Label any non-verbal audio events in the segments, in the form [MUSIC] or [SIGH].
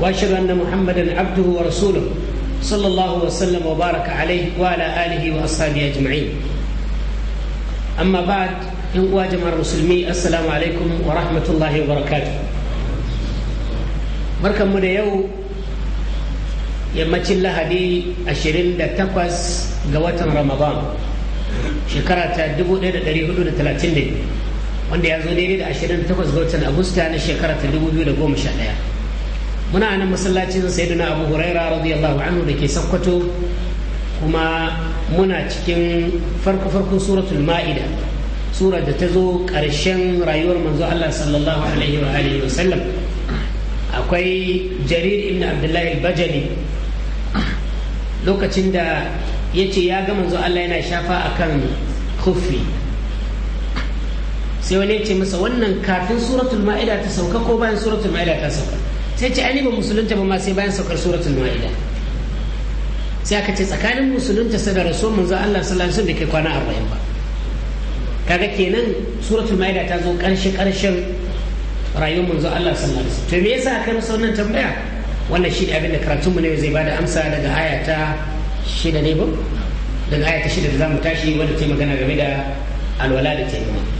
واشهد ان محمدا عبده ورسوله صلى الله وسلم وبارك عليه وعلى اله واصحابه اجمعين اما بعد يا جماعه المسلمين السلام عليكم ورحمه الله وبركاته barkanmu da yau yammacin lahadi 28 ga watan ramadan shekara ta 1432 wanda ya zo daidai da 28 ga watan agusta na shekara ta 2011 muna nan masallacin sayyidina abu huraira radiyallahu anhu da ke sakkwato kuma muna cikin farko-farkon suratul ma'ida surar da ta zo ƙarshen rayuwar manzo Allah sallallahu alaihi wa alihi wa sallam akwai jarir ibn abdullahi bajali lokacin da ya ce ya ga manzo Allah yana shafa akan kufi sai wani ya ce masa wannan kafin suratul ma'ida ta sauka ko bayan suratul ma'ida ta sauka sai ce ainihin musulunta ba ma sai bayan saukar suratul ma'ida sai aka ce tsakanin musulunta sa da rasul manzo Allah sallallahu alaihi wasallam kai kwana arba'in ba kaga kenan suratul ma'ida ta zo karshe karshen rayuwar manzo Allah sallallahu alaihi wasallam to me yasa aka rasa wannan tambaya wannan shi ne abin da karatun mu ne zai bada amsa daga aya ta shida ne ba daga aya ta shida da zamu tashi wanda ta magana game da alwala da taimama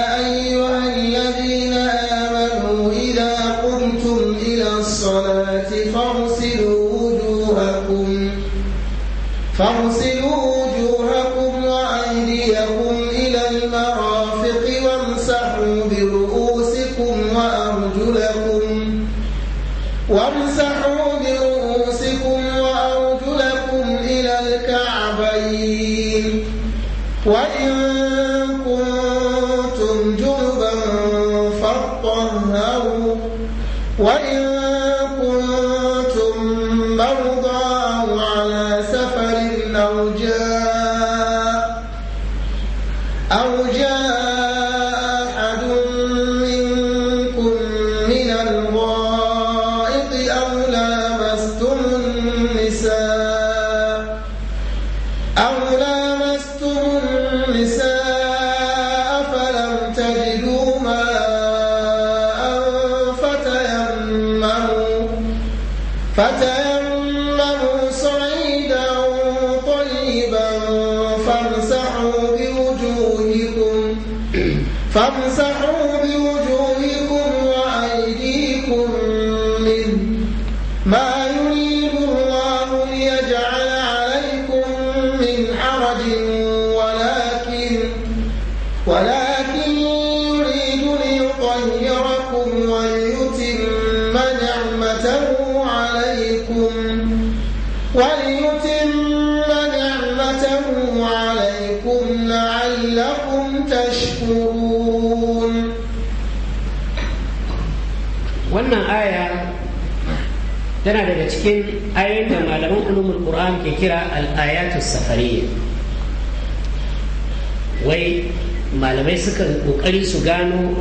وإن طيبا فامسحوا بوجوهكم فامسحوا بوجوهكم tana daga cikin ayoyin da malaman ulumul qur'an ke kira al-ayatu safariyya wai malamai sukan kokari su gano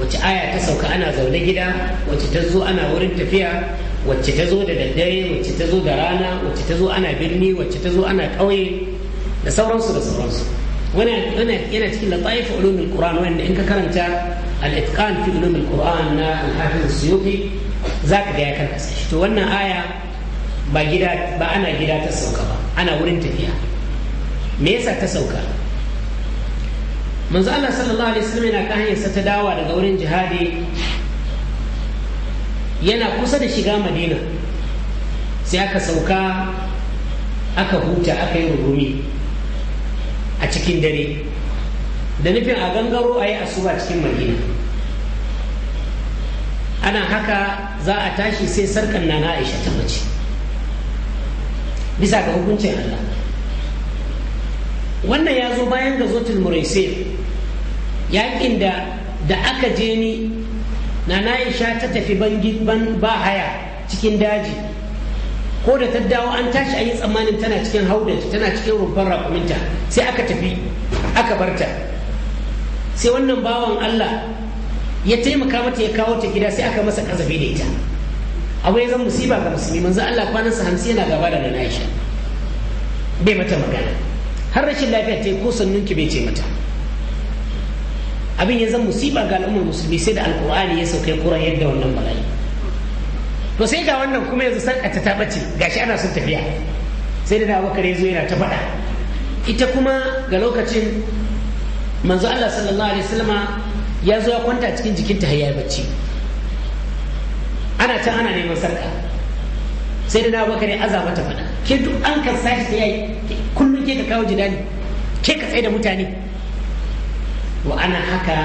wacce aya ta sauka ana zaune gida wacce ta zo ana wurin tafiya wacce ta zo da daddare wacce ta zo da rana wacce ta zo ana birni wacce ta zo ana ƙauye da sauransu da sauransu yana cikin lataif ulumul qur'an wanda in ka karanta al-itqan fi ulumul qur'an na al-hafiz suyuti za ka ga ya to wannan aya ba gida ba ana gida ta sauka ba ana wurin tafiya me yasa ta sauka manzo Allah sallallahu alaihi wasallam yana kan sa ta dawa daga wurin jihadi yana kusa da shiga madina sai aka sauka aka huta aka yi rurumi a cikin dare da nufin a gangaro a yi asuba cikin madina ana haka za a tashi sai sarkan na aisha ta mace bisa ga hukuncin allah wannan ya zo bayan ga zotul muraise yakin da da aka je ni na aisha ta tafi ban ba haya cikin daji ko da ta dawo an tashi an yi tsammanin tana cikin haudar tana cikin rumfar rakuminta sai aka tafi aka barta sai wannan bawan allah ya taimaka mata ya kawo ta gida sai aka masa kazafi da ita abu ya zama musiba ga musulmi manzo Allah kwanansa hamsin yana gaba da nan Aisha bai mata magana har rashin lafiya ta yi ko sannunki bai ce mata abin ya zama musiba ga al'ummar musulmi sai da alkur'ani ya saukai kuran yadda wannan bala'i to sai ga wannan kuma yanzu san ta tabace gashi ana son tafiya sai da abubakar ya zo yana ta faɗa ita kuma ga lokacin manzo Allah sallallahu alaihi wasallama ya zo ya kwanta cikin jikinta har ya bacci ana can ana neman sarka sai da na bakar ne aza mata fada ke duk an ka sashi ta yayi kullum ke ka kawo jidani ke ka tsaye da mutane wa ana haka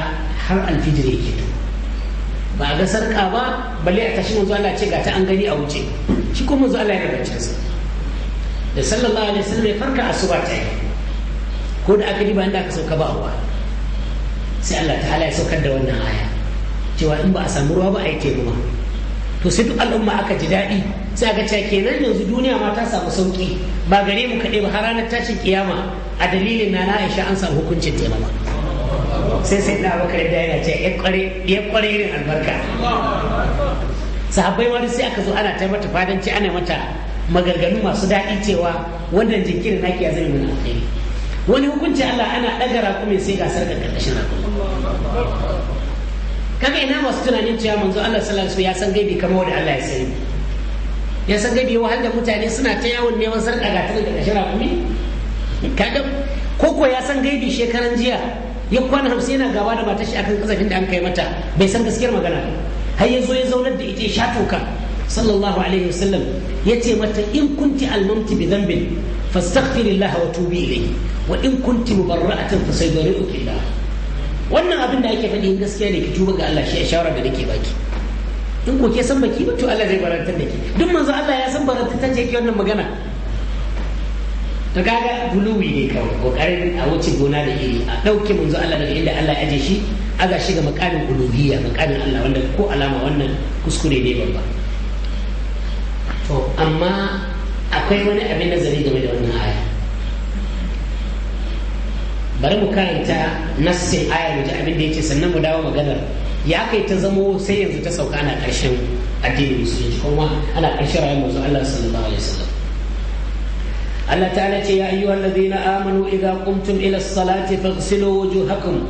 har alfijir yake to ba a ga sarka ba balle a tashi manzo Allah ce ga ta an gani a wuce shi kuma manzo Allah ya baccin sa da sallallahu alaihi wasallam ya farka asuba ta yi ko da aka diba inda aka sauka ba Allah sai Allah ta ya saukar da wannan aya cewa in ba a samu ruwa ba a yi taimama to sai duk al'umma aka ji daɗi sai aka cewa kenan yanzu duniya ma ta samu sauki ba gare mu kaɗai ba har ranar tashin kiyama a dalilin na Aisha an samu hukuncin taimama sai sai na bakar da yana ce ya kware irin albarka sahabbai wani sai aka zo ana ta mata fadanci ana mata magarganu masu daɗi cewa wannan jinkirin naki ya zai mana alheri wani hukunci Allah ana ɗaga raƙumi sai gasar ga ƙarƙashin raƙumi kaga ina masu tunanin cewa manzo Allah sallallahu alaihi ya san gaibi kamar wanda Allah ya sani ya san gaibi wahal da mutane suna ta yawon neman sarƙa ga tare da ƙarƙashin raƙumi kaga koko ya san gaibi shekaran jiya ya kwana hamsin yana gaba da matashi akan kasafin da an kai mata bai san gaskiyar magana har ya zo ya zaunar da ita ya sha toka sallallahu alaihi wasallam ya ce mata in kunti almamti bi dhanbin fastaghfirillah wa tubi ilayhi wa in kunti mubarra'atan fa sayyidu illa wannan abin da ake faɗi in gaskiya ne ki tuba ga Allah shi ya shawara da nake baki in ko ke san baki ba to Allah zai barantar da ke duk manzo Allah ya san barantar ta ce ki wannan magana to kaga buluwi ne kawai kokarin a wuce gona da iri a ɗauke manzo Allah daga inda Allah ya aje shi aga shi ga makamin uluhiyya makamin Allah wanda ko alama wannan kuskure ne babba to amma akwai wani abin nazari game da wannan aya bari mu karanta nassin ayar mu abin da yace sannan mu dawo maganar ya kai ta zamo sai yanzu ta sauka ana karshen addinin musulunci kuma ana karshen rayuwar manzo Allah sallallahu alaihi wasallam Allah ta'ala ce ya ayyuhal ladina amanu idza qumtum ila as-salati faghsilu wujuhakum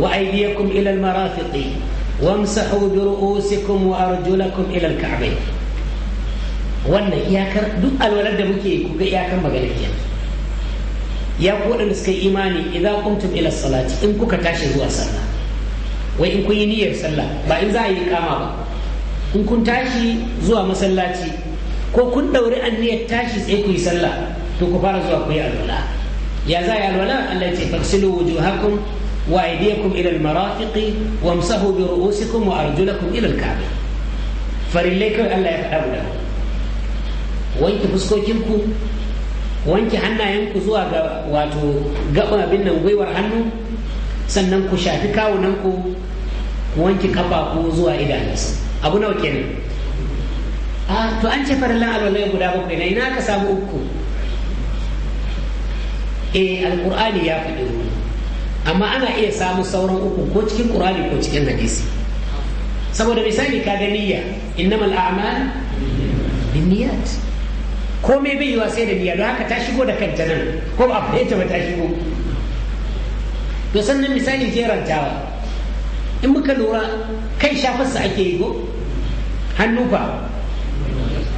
wa aydiyakum ila al-marafiqi wamsahu bi ru'usikum wa arjulakum ila al wannan iyakar duk alwalar da muke ku ga iyakar maganar kenan ya ku waɗanda suka yi imani idan kuntum ila salati in kuka tashi zuwa sallah wai in kun yi niyyar sallah ba in za a yi kama ba in kun tashi zuwa masallaci ko kun ɗauri an niyyar tashi sai ku yi sallah to ku fara zuwa ku yi alwala ya za a yi alwala Allah ya ce faksilu wujuhakum wa aydiyakum ila almarafiqi wamsahu bi ru'usikum wa arjulakum ila alka'bah farillai kawai Allah ya faɗa guda wanke ku. wanke hannayenku zuwa ga wato gaban abin nan gwiwar hannu sannan ku shafi kawunanku ku wanke kafafu zuwa idanunsu abu nawa kenan a to an ce farallan alwalai guda bakwai na ina ka samu uku e eh, alkur'ani ya faɗi amma ana iya samu sauran uku ko cikin ƙur'ani ko cikin hadisi saboda misali ka ga niyya innamal a'mal binniyat komai bai yiwa sai da niyya don haka ta shigo da kanta nan ko ba a ta ba ta shigo to sannan misali jerantawa in muka lura kai shafarsa ake yi ko hannu fa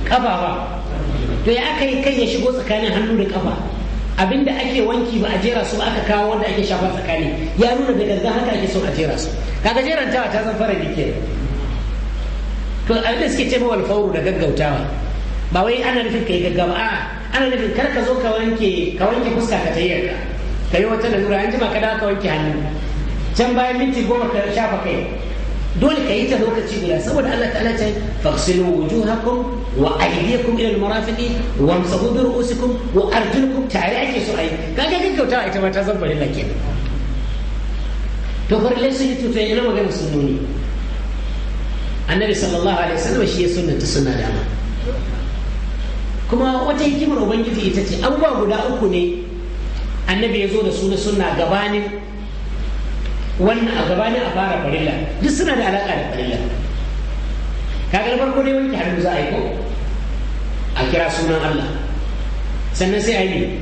kafa ba to ya aka yi kai ya shigo tsakanin hannu da kafa abinda ake wanki ba a jera su ba aka kawo wanda ake shafa tsakani ya nuna da gangan haka ake son a jera su kaga jerantawa ta zan fara dike to abinda suke ce wal fauru da gaggautawa ba wai ana nufin ka gaba gaggawa a ana nufin kar ka zo ka wanke ka wanke fuska ka tayyarka ka yi wata lalura an jima ka dawo ka wanke hannu can bayan minti goma ka shafa kai dole ka yi ta lokaci guda saboda Allah ta'ala ce fagsilu wujuhakum wa aydiyakum ila almarafiqi wa amsahu bi ru'usikum wa arjulukum tare ake so ayi kaga gaggautawa ita ma ta zan bari lakin to bar lai sun yi tutai magana sunnoni annabi sallallahu alaihi wasallam shi ya sunnata sunna dama kuma wata hikimar ubangiji ita ce abubuwa guda uku ne annabi ya zo da su na sunna gabanin wannan a gabanin a fara farilla duk suna da alaƙa da farilla kaga na farko dai wanke hannu za a yi ko a kira sunan Allah sannan sai a yi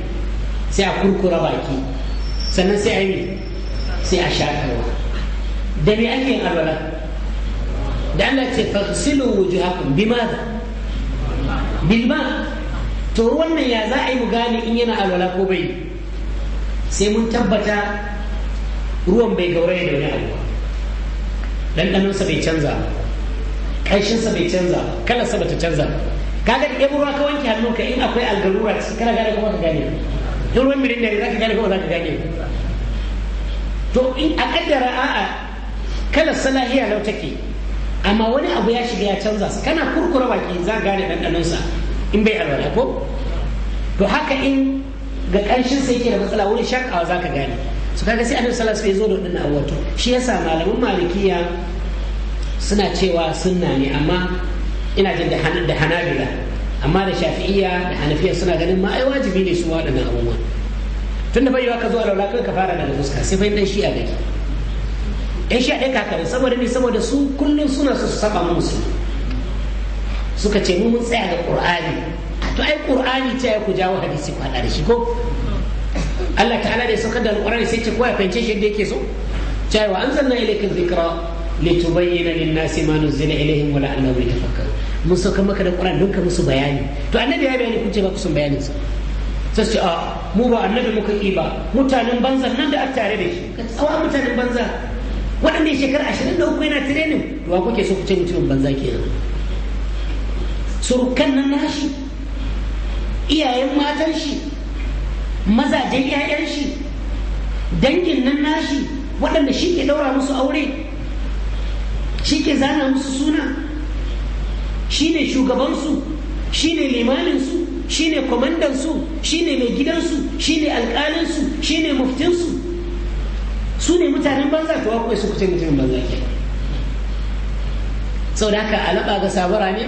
sai a kurkura baki sannan sai a yi sai a shakarwa da me ake yin alwala da Allah ce fasilu wujuhakum bima bilma to wannan ya za a yi mu gane in yana alwala ko bai sai mun tabbata ruwan bai gauraya da wani abu ɗanɗanonsa bai canza sa bai canza sa bata canza kaga da ruwa ka wanke hannunka in akwai algarura kana gane kuma ka gane in ruwan mirin ne za ka gane kuma zaka ka gane to in a kaddara a'a kalar salahiya lau take amma wani abu ya shiga ya canza kana kurkura baki za ka gane sa in bai alwala ko to haka in ga ƙarshen sai yake da matsala wurin shakawa za ka gane su kaga sai annabi sallallahu alaihi wasallam ya zo da wannan abubuwa shi yasa malaman malikiya suna cewa sunna ne amma ina jin da hanabila amma da shafi'iyya da hanafiya suna ganin ma ai wajibi ne su waɗannan abubuwa tun da baiwa ka zo laula kai ka fara daga fuska sai bai dan a gari yan shi'a ɗaya kakarai saboda ne saboda su kullum suna su saba musu suka ce mu mun tsaya da qur'ani to ai qur'ani ta ku jawo hadisi ku hada da shi ko Allah ta'ala da saukar da alqur'ani sai ce ko ya fahimce shi yadda yake so cewa anzalna ilayka dhikra litubayyana lin-nasi ma nuzila ilayhim wa la'allahum yatafakkarun mun saukar maka da qur'ani don ka musu bayani to annabi ya bayani kun ce ba ku son bayanin sa sai ce a mu ba annabi muka ki ba mutanen banza nan da aka tare da shi awa mutanen banza waɗanda shekara 23 yana tirenin to wa kuke so ku ce mutumin banza kenan surukan nan nashi iyayen matan shi mazajen 'ya'yan shi dangin nan nashi waɗanda shi ke ɗaura musu aure shi ke zana musu suna shi ne shugabansu shi ne limaninsu shi ne kwamandansu shi ne mai gidansu shi ne alƙalinsu shi ne muftinsu su ne mutanen banza ta wakwai su kuce mutumin banza ke sau da haka alaɓa ga sabara ne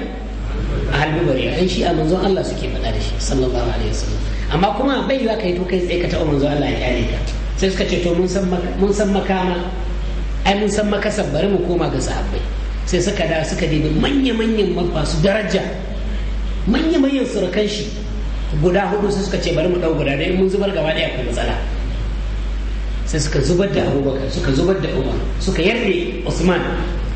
a halbi bari ai shi a manzon Allah suke faɗa da shi sallallahu alaihi wasallam amma kuma bai yiwa kai to kai tsaye ka taɓa manzon Allah ya kyale ka sai suka ce to mun san makama ai mun san makasar bari mu koma ga sahabbai sai suka da suka dibi manya-manyan masu daraja manya-manyan surukan shi guda hudu sai suka ce bari mu dau guda dai mun zubar gaba ɗaya akwai matsala sai suka zubar da abubakar suka zubar da umar suka yarda usman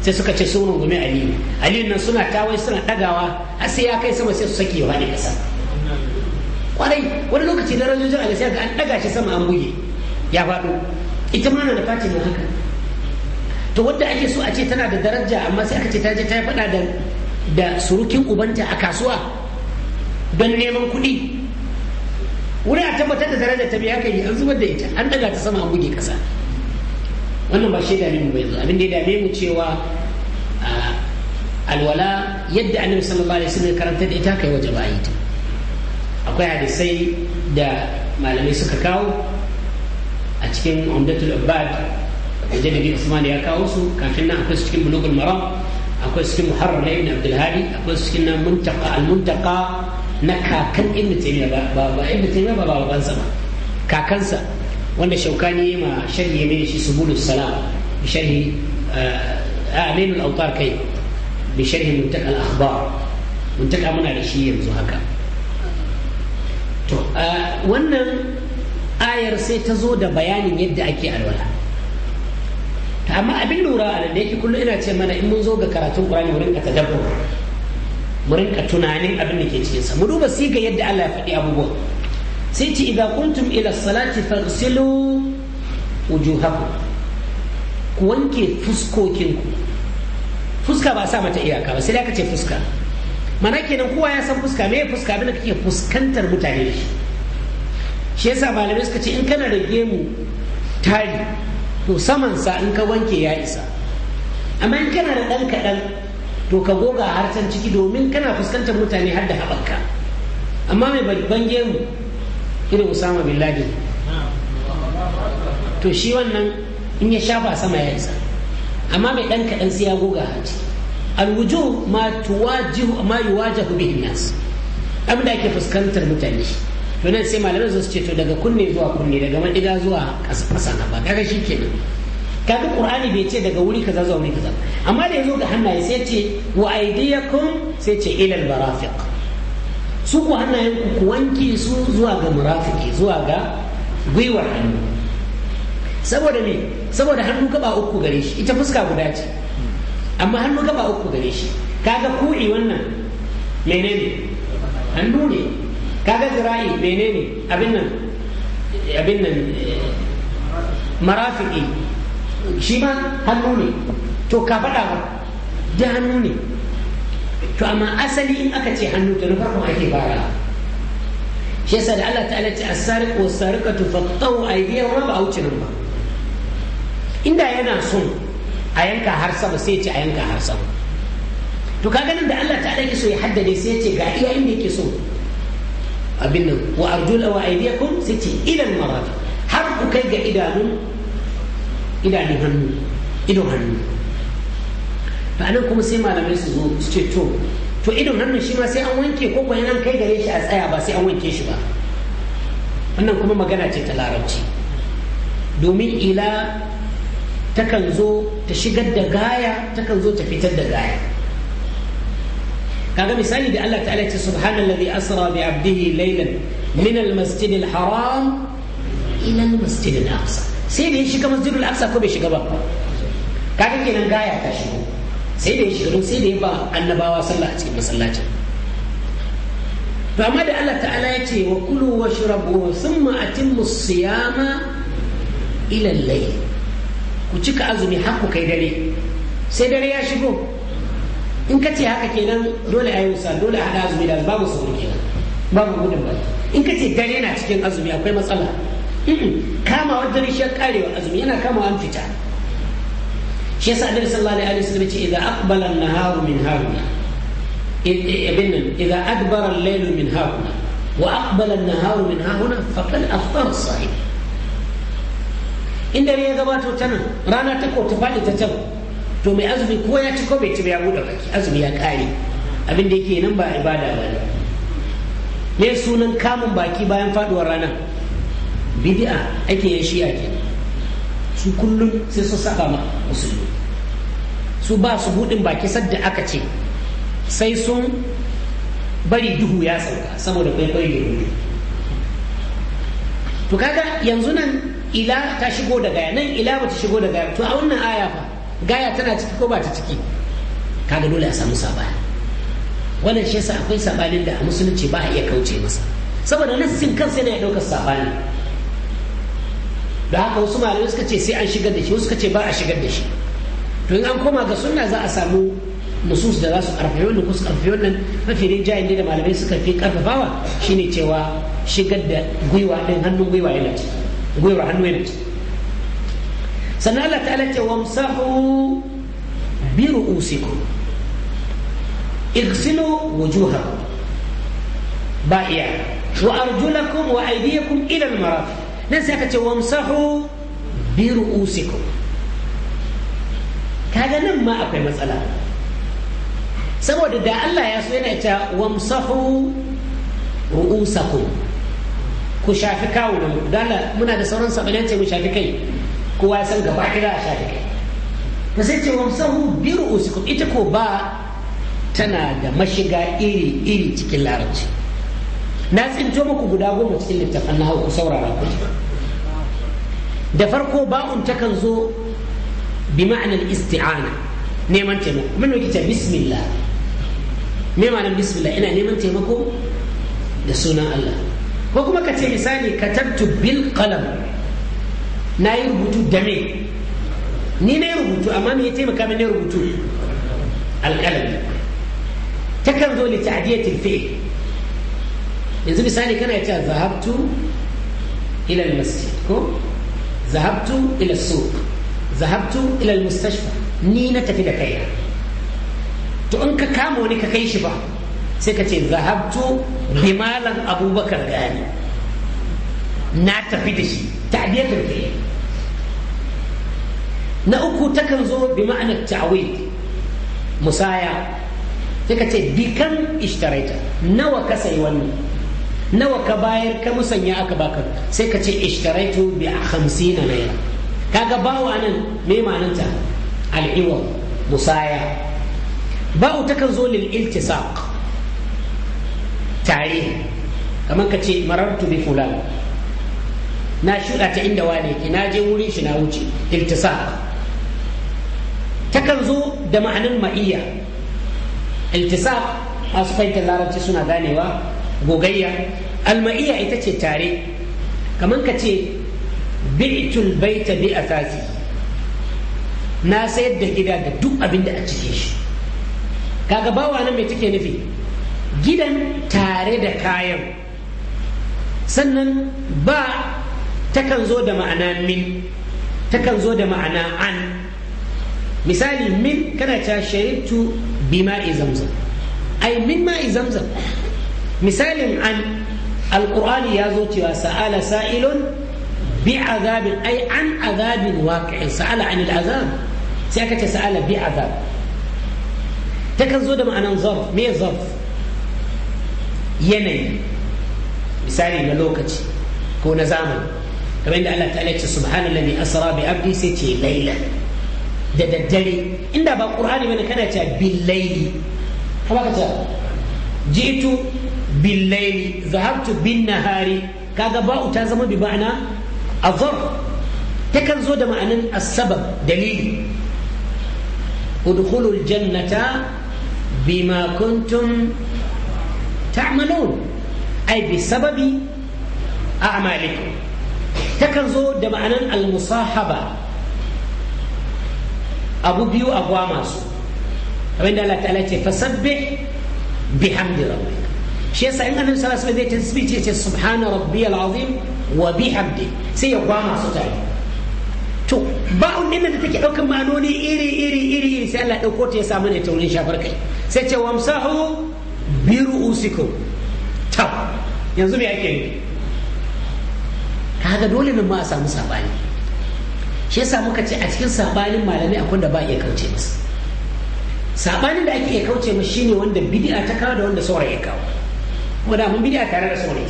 sai suka ce sun rungume aliyu aliyu nan suna kawai suna dagawa har sai ya kai sama sai su saki wa faɗi ƙasa kwarai wani lokaci darajojin a sai ga an ɗaga shi sama an buge ya faɗo ita ma na da fati da haka to wadda ake so a ce tana da daraja amma sai aka ce ta je ta yi faɗa da da surukin ubanta a kasuwa don neman kuɗi wuri a tabbatar da daraja ta biya kai an zubar da ita an ɗaga ta sama an buge kasa. wannan ba shi da mu bai zo abin da ya dame mu cewa alwala yadda annabi sallallahu alaihi wasallam karanta da ita kai waje yi ta akwai hadisai da malamai suka kawo a cikin umdatul abbad janabi usman ya kawo su kafin nan akwai su cikin bulugul maram akwai su cikin muharrar na ibn abdul hadi akwai su cikin muntaka al muntaka na kakan ibn taymiya ba ba ibn taymiya ba babansa ba kakansa wanda shaukani ya ma sharhi mai shi subulus salam sharhi eh, a al-awtar kai bi sharhi muntaka al-akhbar muntaka muna da shi yanzu haka to eh, wannan ayar sai ta zo da bayanin yadda ake alwala amma abin lura a da yake kullum ina ce mana in mun zo ga karatun Qur'ani mu rinka tadabbur mu rinka tunanin abin da ke cikinsa mu duba siga yadda Allah ya faɗi abubuwan sai idha kuntum ila salati faghsilu wujuhakum ku wanke fuskokinku fuska ba sa mata iyaka ba sai da ce fuska mana kenan kowa ya san fuska me fuska abin da kake fuskantar mutane shi shi yasa malamai suka ce in kana da gemu tari to saman sa in ka wanke ya isa amma in kana da dan kaɗan to ka goga harshen ciki domin kana fuskantar mutane har da haɓaka amma mai babban gemu irin usama bin laden to shi wannan in ya shafa sama ya isa amma mai dan kaɗan sai ya goga haji alwujo ma tuwajihu ma yuwajahu bihi nas abin ake fuskantar mutane to nan sai malamai su ce to daga kunne zuwa kunne daga madiga zuwa ƙasa na ba kaga shi kenan kaga qur'ani bai ce daga wuri kaza zuwa wuri kaza amma da yazo ga hannaye sai ce wa aydiyakum sai ce ilal barafiq su ku hannayen ku wanke su zuwa ga murafiki zuwa ga gwiwar hannu saboda me saboda hannu gaba uku gare shi ita fuska guda ce amma hannu gaba uku gare shi kaga kuɗi wannan menene hannu ne kaga zira'i menene abin nan abin nan marafiki shi ma hannu ne to ka faɗa ba da hannu ne to amma asali in aka ce hannu to na farko ake fara shi yasa da Allah ta'ala ce as-sariqu was-sariqatu faqtau aydiyahu ba wuce nan ba inda yana son a yanka har sama sai ce a yanka har sama to ka ganin da Allah ta'ala yake so ya haddade sai ya ce ga iya inda yake so abin nan wa arjul wa aydiyakum sai ce ila al har ku kai ga idanun idanun hannu idon hannu to anan kuma sai malamai su zo su ce to to nan nan shi ma sai an wanke ko kuwa an kai gare shi a tsaya ba sai an wanke shi ba wannan kuma magana ce ta larabci domin ila takan zo ta shigar da gaya takan zo ta fitar da gaya kaga misali da Allah ta'ala ce subhanallazi asra bi abdihi laylan min al-masjid al-haram ila al-masjid al-aqsa sai da ya shiga masjid al-aqsa ko bai shiga ba kaga kenan gaya ta shigo sai da ya shiga sai da ya ba annabawa sallah a cikin masallacin to da Allah ta'ala ya ce wa kulu wa shrabu thumma atimmu siyama ila layl ku cika azumi har ku kai dare sai dare ya shigo in ka ce haka kenan dole a yi dole a haɗa azumi da babu sauri kenan babu gudun ba in ka ce dare na cikin azumi akwai matsala kama wadda rishiyar karewa azumi yana kama an fita shi yasa annabi sallallahu alaihi wasallam ya ce idza aqbala an-naharu min hauna ibn idza adbara al-laylu min hauna wa aqbala an-naharu min hauna faqad afṭara as-sahib in dare ya gabato ta nan rana ta ko ta faɗi ta can to mai azumi ko ya ci ko bai ci ya buɗe baki azumi ya ƙare abin da yake nan ba ibada ba ne me sunan kamun baki bayan faduwar rana bid'a ake yin shi'a kenan su kullum sai su saba ma musulmi su ba su buɗin baki da aka ce sai sun bari duhu ya sauka saboda kwaikwayo da hudu to kaga yanzu nan ila ta shigo da gaya nan ila ta shigo da gaya to a wannan aya fa gaya tana ciki ko ba ta ciki kaga dole a samu sabani wannan shi yasa akwai sabanin da a musulunci ba a iya kauce masa saboda nassin kansa yana ya ɗaukar sabani da haka wasu malamai suka ce sai an shigar da shi wasu suka ce ba a shigar da shi to in an koma ga sunna za a samu nusus da za su karfafi wannan ko su karfafi wannan mafi rinjayen da malamai suka fi karfafawa shine cewa shigar da gwiwa din hannun gwiwa yana ci gwiwar hannu yana ci sannan Allah ta'ala ce wamsahu bi ru'usikum igsilu wujuhakum ba iya wa arjulakum wa aydiyakum ila al-marafiq nan sai aka ce wamsahu bi ru'usikum kaga nan ma akwai matsala saboda da Allah ya so yana ita wamsahu ru'usakum ku shafi kawunan dala muna da sauran sabanin ce mu shafi kai kowa san gaba kira a shafi kai ba sai ce wamsahu bi ru'usikum ita ko ba tana da mashiga iri iri cikin larabci na tsinto muku guda goma cikin littafan nahawu ku saurara ku da farko ba'un takan zo bi ma'anar isti'ana neman taimako Min muke ta bismillah me ma'anar bismillah ina neman taimako da sunan Allah ko kuma ka ce misali katabtu bil qalam na yi rubutu da me ni na yi rubutu amma me ya taimaka mini rubutu alqalami takan zo li ta'diyatil fi'l yanzu misali kana ce zahabtu ila masjid ko zahabtu ila suq zahabtu ila mustashfa ni na tafi da kaina to in ka kama wani ka kai shi ba sai ka ce zahabtu bi malam abubakar gani na tafi da shi ta'diyatul kayi na uku takan zo bi ma'anar ta'wil musaya sai ka ce bikan ishtaraita nawa ka sayi wannan nawa ka bayar ka musanya aka baka sai ka ce ishtaraitu bi 50 naira kaga bawa nan me ma'ananta al'iwa musaya ba'u kan zo lil iltisaq tare kamar ka ce marartu bi fulan na shuɗa ta inda wane ki na je wurin shi na wuce iltisaq takan zo da ma'anin ma'iyya iltisaq su fahimtar larabci suna ganewa gogayya almaiya ita ce tare kamar ka ce bi'tul baita bi asasi na sayar da gida da duk abin da a cike shi kaga bawa nan mai take nufi gidan tare da kayan sannan ba takan zo da ma'ana min takan zo da ma'ana an misali min kana ta sharibtu bi ma'i zamzam ai min ma'i zamzam misalin an alƙur'ani ya zo cewa sa'ala sa'ilun bi azabin ai an azabin waƙi'in sa'ala anil azab sai aka ce sa'ala bi azab kan zo da ma'anan zarf me zarf yanayi misali na lokaci ko na zamani kamar yadda Allah ta'ala ce subhanallahi asra bi abdi sai ce laila da daddare inda ba qur'ani bane kana cewa bil laili kuma ka ce jitu bil zahabtu bin nahari kaga ba'u ta zama bi ma'ana ta kan zo da ma'anin asbab dalili udkhulul jannata bima kuntum ta'malun ay bi sababi a'malikum kan zo da ma'anin al-musahaba abu biyu a gwama su abinda Allah ta'ala ce fasabbih bihamdi ربي shi yasa in annabi sallallahu alaihi wasallam zai tasbihi ya ce subhana rabbiyal azim wa bihamdi sai ya gwama su tare to ba'un din da take daukan ma'anoni iri iri iri sai Allah dauko ta ya samu ne taurin shafar kai sai ce wamsahu bi ru'usikum ta yanzu me yake yi kaga dole ne ma a samu sabani shi yasa muka ce a cikin sabanin malami akwai da ba iya kauce masa sabanin da ake iya kauce mu shine wanda bid'a ta kawo da wanda saurayi ya kawo kuma da mun bid'a tare da saurayi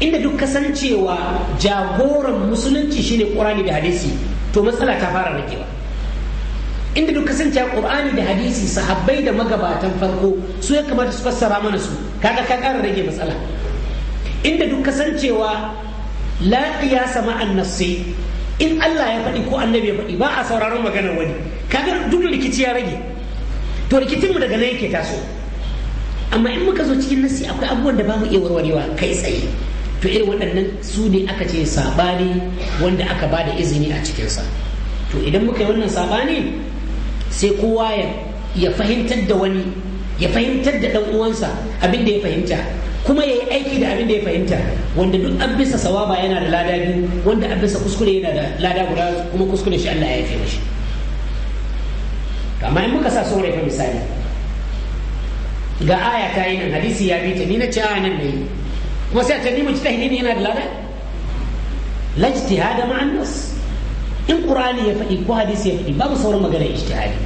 inda duk kasancewa jagoran musulunci shine qur'ani da hadisi to matsala ta fara rikewa inda duk kasancewa qur'ani da hadisi sahabbai da magabatan farko su ya kamata su fassara mana su kaga ka kara rage matsala inda duk kasancewa la qiyasa ma'an nassi in Allah ya faɗi ko annabi ya faɗi ba a sauraron maganar wani kaga duk rikici ya rage to rikicin mu daga nan yake taso amma in muka zo cikin nasi akwai abubuwan da ba mu iya warwarewa kai tsaye to irin waɗannan su ne aka ce saɓani wanda aka ba da izini a cikinsa to idan muka yi wannan saɓani sai kowa ya fahimtar da wani ya fahimtar da ɗan uwansa abin da ya fahimta kuma ya yi aiki da abin da ya fahimta wanda duk an bisa sawaba yana da lada biyu wanda an bisa kuskure yana da lada guda kuma kuskure shi Allah ya yafe mashi amma in muka sa so rai misali ga aya ta yi nan hadisi ya bi ta ni na ce aya nan yi kuma sai a ce ni mu ci yana da lada lajtihada hada ma'annas in qur'ani ya faɗi ko hadisi ya faɗi babu sauran magana ijtihadi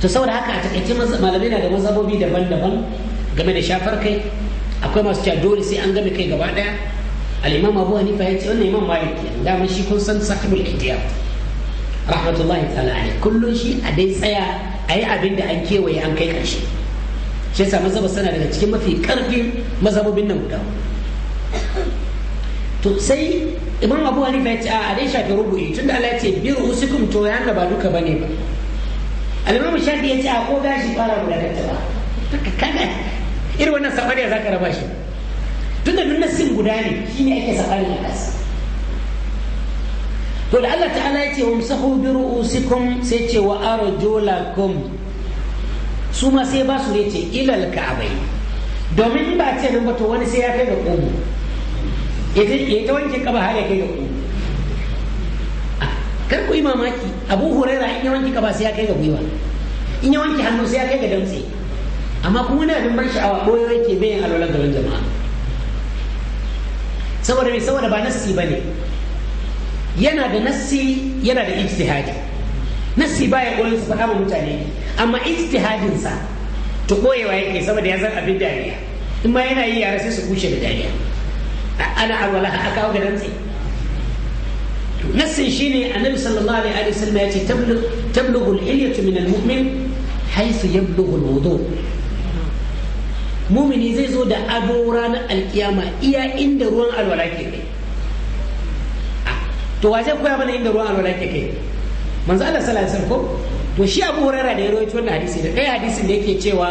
to saboda haka a takaice malamai na da mazhabobi daban-daban game da shafar kai akwai masu cewa dole sai an game kai gaba daya al-imam abu hanifa ya ce wannan imam malik ne dama shi kun san sahibul ihtiyar rahmatullahi ta'ala alaihi shi a dai tsaya a yi abin da an kewaye an kai karshe shi yasa mazhaba sana daga cikin mafi karfin mazhabobin nan guda to sai imam abu hanifa ya ce a dai shafi rubu'i tunda da ya ce bi rusukum to ya ba duka bane ba al shafi ya ce a ko gashi fara guda ba irin wannan safariya za ka raba shi tun da duk nassin guda ne shi ne ake safari a ƙasa to da Allah ta'ala ya ce wa musahu bi ru'usikum sai ce wa arjulakum su ma sai ba su ne ce ilal ka'abai domin ba ce nan ba to wani sai ya kai da ƙogo ya ta wanke kaba har ya kai da ƙogo kar ku yi mamaki abu huraira in ya wanke kaba sai ya kai ga gwiwa in ya wanke hannu sai ya kai ga damtse amma kuma na abin ban sha'awa ɓoye rake bai bayan alwalar gaban jama'a saboda mai saboda ba nassi ba ne yana da nassi yana da ijtihadi nassi baya koyon su faɗa mutane amma ijtihadinsa to koyewa yake saboda ya zan abin dariya in ma yana yi yara sai su kushe da dariya ana alwala a kawo ga dantse nassin shine annabi sallallahu alaihi wasallam ya ce tablughu al-ilyatu min al-mu'min haythu yablughu al mumini zai zo da ado ranar alkiyama iya inda ruwan alwala ke kai ah, to wa zai koya mana inda ruwan alwala ke kai manzo Allah sallallahu alaihi wasallam ko to shi Abu Hurairah da ya rawaito wannan hadisi da kai hadisin da yake cewa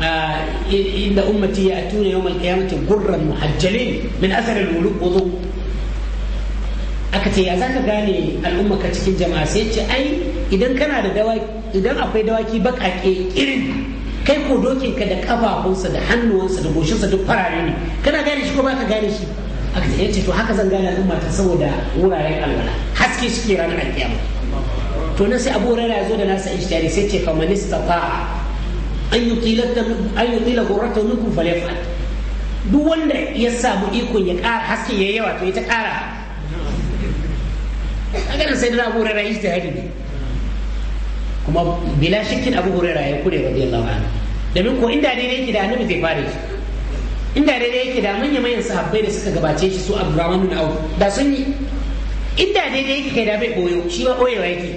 ah, inda ummati ya tuna yawmal qiyamati gurran muhajjalin min athar al-wudu aka ce ya zaka gane al'umma ka cikin jama'a sai ce ai idan kana da dawaki idan akwai dawaki bakake irin kai ko dokin ka da kafafunsa da hannuwansa da goshinsa duk farare ne kana gane shi ko baka gane shi aka ce yace eh, to haka zan gane al'umma mata saboda wuraren alwala haske suke ranar alkiyama to nan sai abu rana zo da nasa ishtiyari sai ce fa manista ta an yi tila minkum falefat duk wanda ya samu ikon ya ƙara haske ya yawa to ya ta ƙara a ganin sai da abu rana ishtiyari kuma bila shakkin abu huraira ya kure radiyallahu anhu domin ko inda daidai yake da annabi zai fara shi inda daidai yake da manya mayan sahabbai da suka gabace shi su abdurrahman bin auf da sun yi inda daidai yake kai da bai boyo shi ba boyewa yake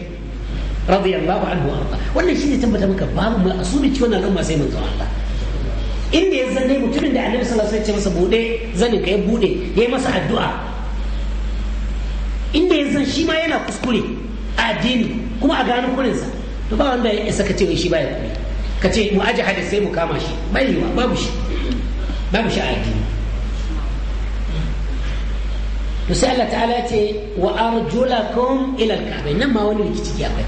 radiyallahu anhu arda wannan shine tabbata maka babu mai asubi ci wannan al'umma sai manzo Allah inda ya zanne mutumin da annabi sallallahu alaihi wasallam ya ce masa bude zanin ka ya bude yayi masa addu'a inda ya zan shi ma yana kuskure a addini kuma a gano kurinsa to ba wanda ya isa ka shi baya kuɗi ka ce mu aje hadis sai mu kama shi bai yiwa babu shi babu shi a addini to sai Allah ta'ala ce wa arjulakum ila al kaaba nan ma wani rikici ya bai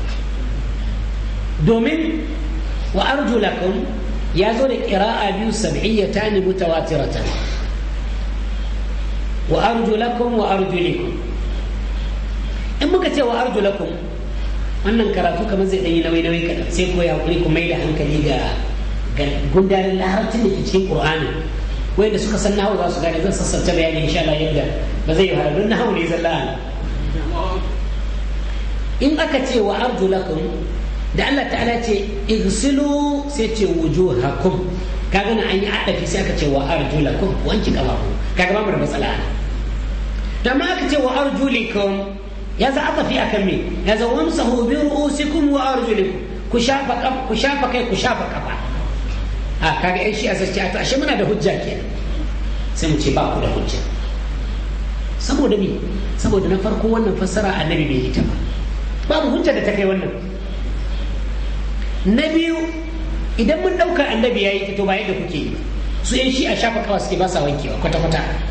domin wa arjulakum ya zo da qira'a biyu sab'iyyatan mutawatiratan wa arjulakum wa arjulikum in muka ce wa arjulakum wannan karatu kamar zai ɗanyi nauyi nauyi kaɗan sai ko ya hakuri ku mai da hankali ga gundarin larabcin da ke cikin ƙur'ani wanda suka san nahawu za su gane zan sassanta bayani insha Allah yadda ba zai yi wahala don nahawu ne la'a. in aka ce wa lakum da Allah ta'ala ce igsilu sai ce wujuhakum kaga na an yi adafi sai aka ce wa lakum wanki kafafu kaga ba mu da matsala to amma aka ce wa lakum ya za aka fi akan me ya za wamsahu bi ru'usikum wa arjulikum ku shafa kafa ku shafa kai ku shafa kafa a kaga 'yan shi asasci a to ashe muna da hujja kenan sai mu ce ba ku da hujja saboda me saboda na farko wannan fassara annabi bai yi ta ba babu hujja da ta kai wannan na biyu idan mun dauka annabi yayi ta to ba yadda kuke yi su yan shi a shafa kawa suke ba sa wankewa kwata kwata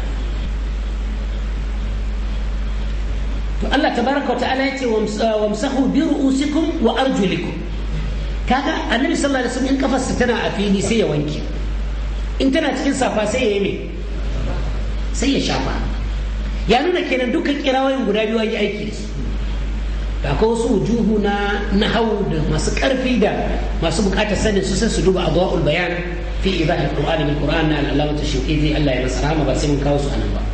to Allah tabaraka wa ta'ala yace uh, wamsahu bi ru'usikum wa arjulikum kaga annabi sallallahu alaihi wasallam in kafarsa tana a fili sai ya wanke in tana cikin safa sai ya yi sai ya shafa ya nuna kenan dukkan kirawoyin guda biyu yi aiki da su da akwai wasu wujuhu na nahau da masu karfi da masu bukatar sanin su sai su duba adwa'ul bayan fi idahi alquran min quran na al-alama tashfiqi Allah ya nasara ba sai mun kawo su anan ba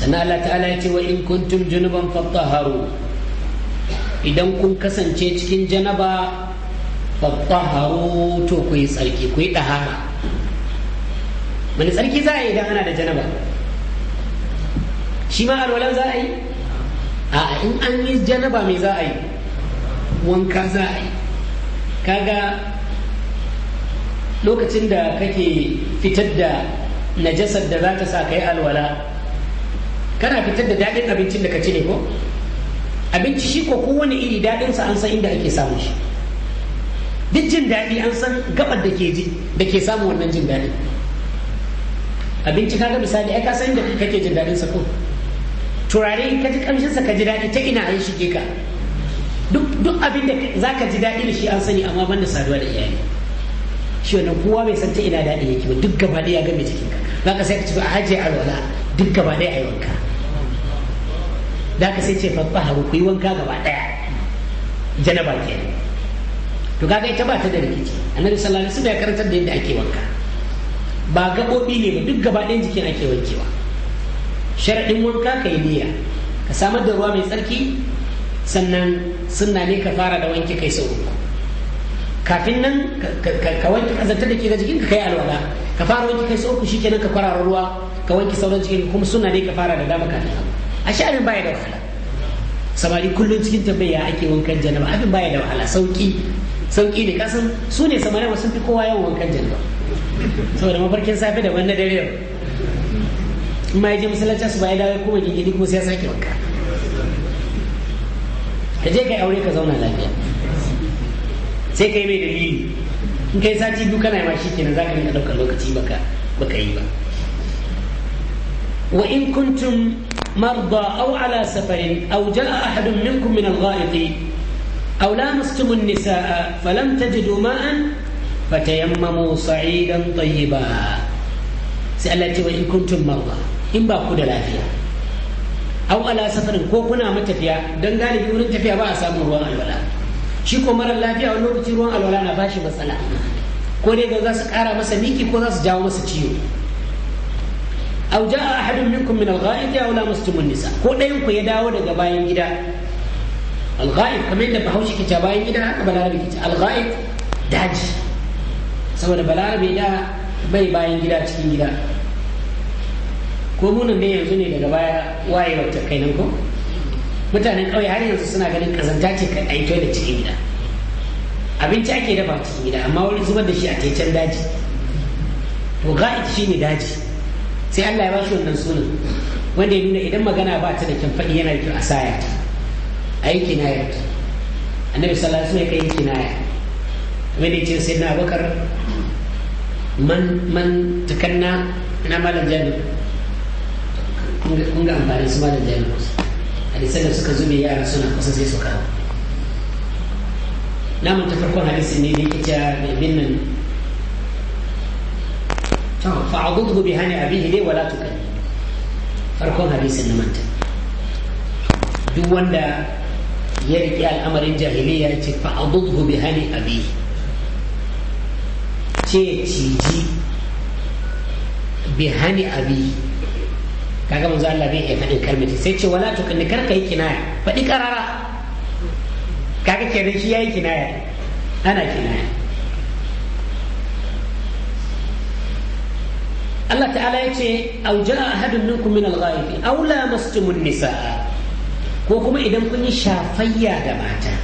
sannan Allah ta'ala ya ce wa in kuntum junuban fattaharu idan kun kasance cikin janaba fattaharu to ku yi tsarki ku yi ɗahara wani tsarki za a yi idan ana da janaba shi ma alwalan za a yi a in an yi janaba mai za a yi wanka za a yi kaga lokacin da kake fitar da najasar da za ta sa ka yi alwala kana fitar da daɗin abincin da ka ci ne ko abinci shi ko kowane iri daɗinsa an san inda ake samun shi duk jin daɗi an san gabar da ke ji da ke samun wannan jin daɗi abinci kaga misali ai ka san inda kake jin daɗin sa ko turare ka ji kamshin sa ka ji daɗi ta ina an shige ka duk duk abin da zaka ji daɗi da shi an sani amma banda saduwa da iyali shi wannan kowa bai san ta ina daɗi yake ba duk gaba ɗaya ya game cikin ka zaka sai ka ci a haje alwala duk gaba ɗaya yi wanka da ka sai ce haru ku yi wanka gaba daya janaba ke to kaga ita ba ta da rikici annabi sallallahu alaihi wasallam ya karantar da yadda ake wanka ba gabobi ne ba duk gaba ɗayan jikin ake wankewa sharaɗin wanka ka yi niyya ka samar da ruwa mai tsarki sannan sunna ne ka fara da wanke kai sau uku kafin nan ka wanke kazantar da ke ga jikin ka kai alwala ka fara wanke kai sau uku shikenan ka kwarara ruwa ka wanke sauran jikin kuma sunna ne ka fara da dama kafin haka ashe abin baya da wahala samari kullum cikin tambaya ake wankan janaba abin baya da wahala sauki sauki ne kasan su ne samari sun fi kowa yawan wankan janaba saboda mafarkin safe da wannan dare yau in ma je masallaci su baya dawo kuma gingiri kuma sai ya sake wanka ka je kai aure ka zauna lafiya sai kai mai dalili in kai sati biyu kana ma shikenan zaka rinka ɗaukar lokaci ba baka yi ba wa in kuntum مرضى أو على سفر أو جاء أحد منكم من الغائط أو لامستم النساء فلم تجدوا ماء فتيمموا صعيدا طيبا سألت وإن كنتم مرضى إن باكو دلافيا أو على سفر كو كنا متفيا دن غالي بيقولون تفيا با أسامو روان الولا شيكو مرة لافيا ولو بتي روان الولا نباشي مسألة ko dai ga za su kara masa miki ko za su jawo masa ciwo aw jaa ahadun minkum min al-gha'id aw lamastum an-nisa ko ɗayan ku ya dawo daga bayan gida al-gha'id kamar yadda Bahaushe ke cewa bayan gida haka Balarabe ke cewa al-gha'id daji saboda Balarabe da bai bayan gida cikin gida ko munin ne yanzu ne daga baya wayewar ta kai nan ko mutanen ƙauye har yanzu suna ganin kazanta ce kai aito da cikin gida abinci ake dafa cikin gida amma wani zubar da shi a can daji to shi ne daji sai Allah ya ba shi wannan sunan wanda ya nuna idan magana ba ta da kyan faɗi yana da kyau a saya a yi kinaya ta annabi sallallahu alaihi wasallam ya yi kinaya wanda da ce sai na bakar man man tukanna na malam jami'a kun ga amfani su malam jami'a hadisan da suka zube yara suna kusa sai su kawo namun ta farkon hadisi ne da ke cewa bin nan fa'abudhu bi hani abihi dai wala tukalli farkon hadisin na manta duk wanda ya riƙe al'amarin jahiliya ce fa'abudhu bi hani abihi ce ciji bi hani kaga manzo Allah bai iya faɗin kalmati sai ce wala tukalli karka yi kinaya faɗi karara kaga kenan shi yayi kinaya ana kinaya Allah ta'ala ya ce a au a hadin minkum min al-ghaibi aw lamastumun nisaa ko kuma idan kun yi shafayya da mata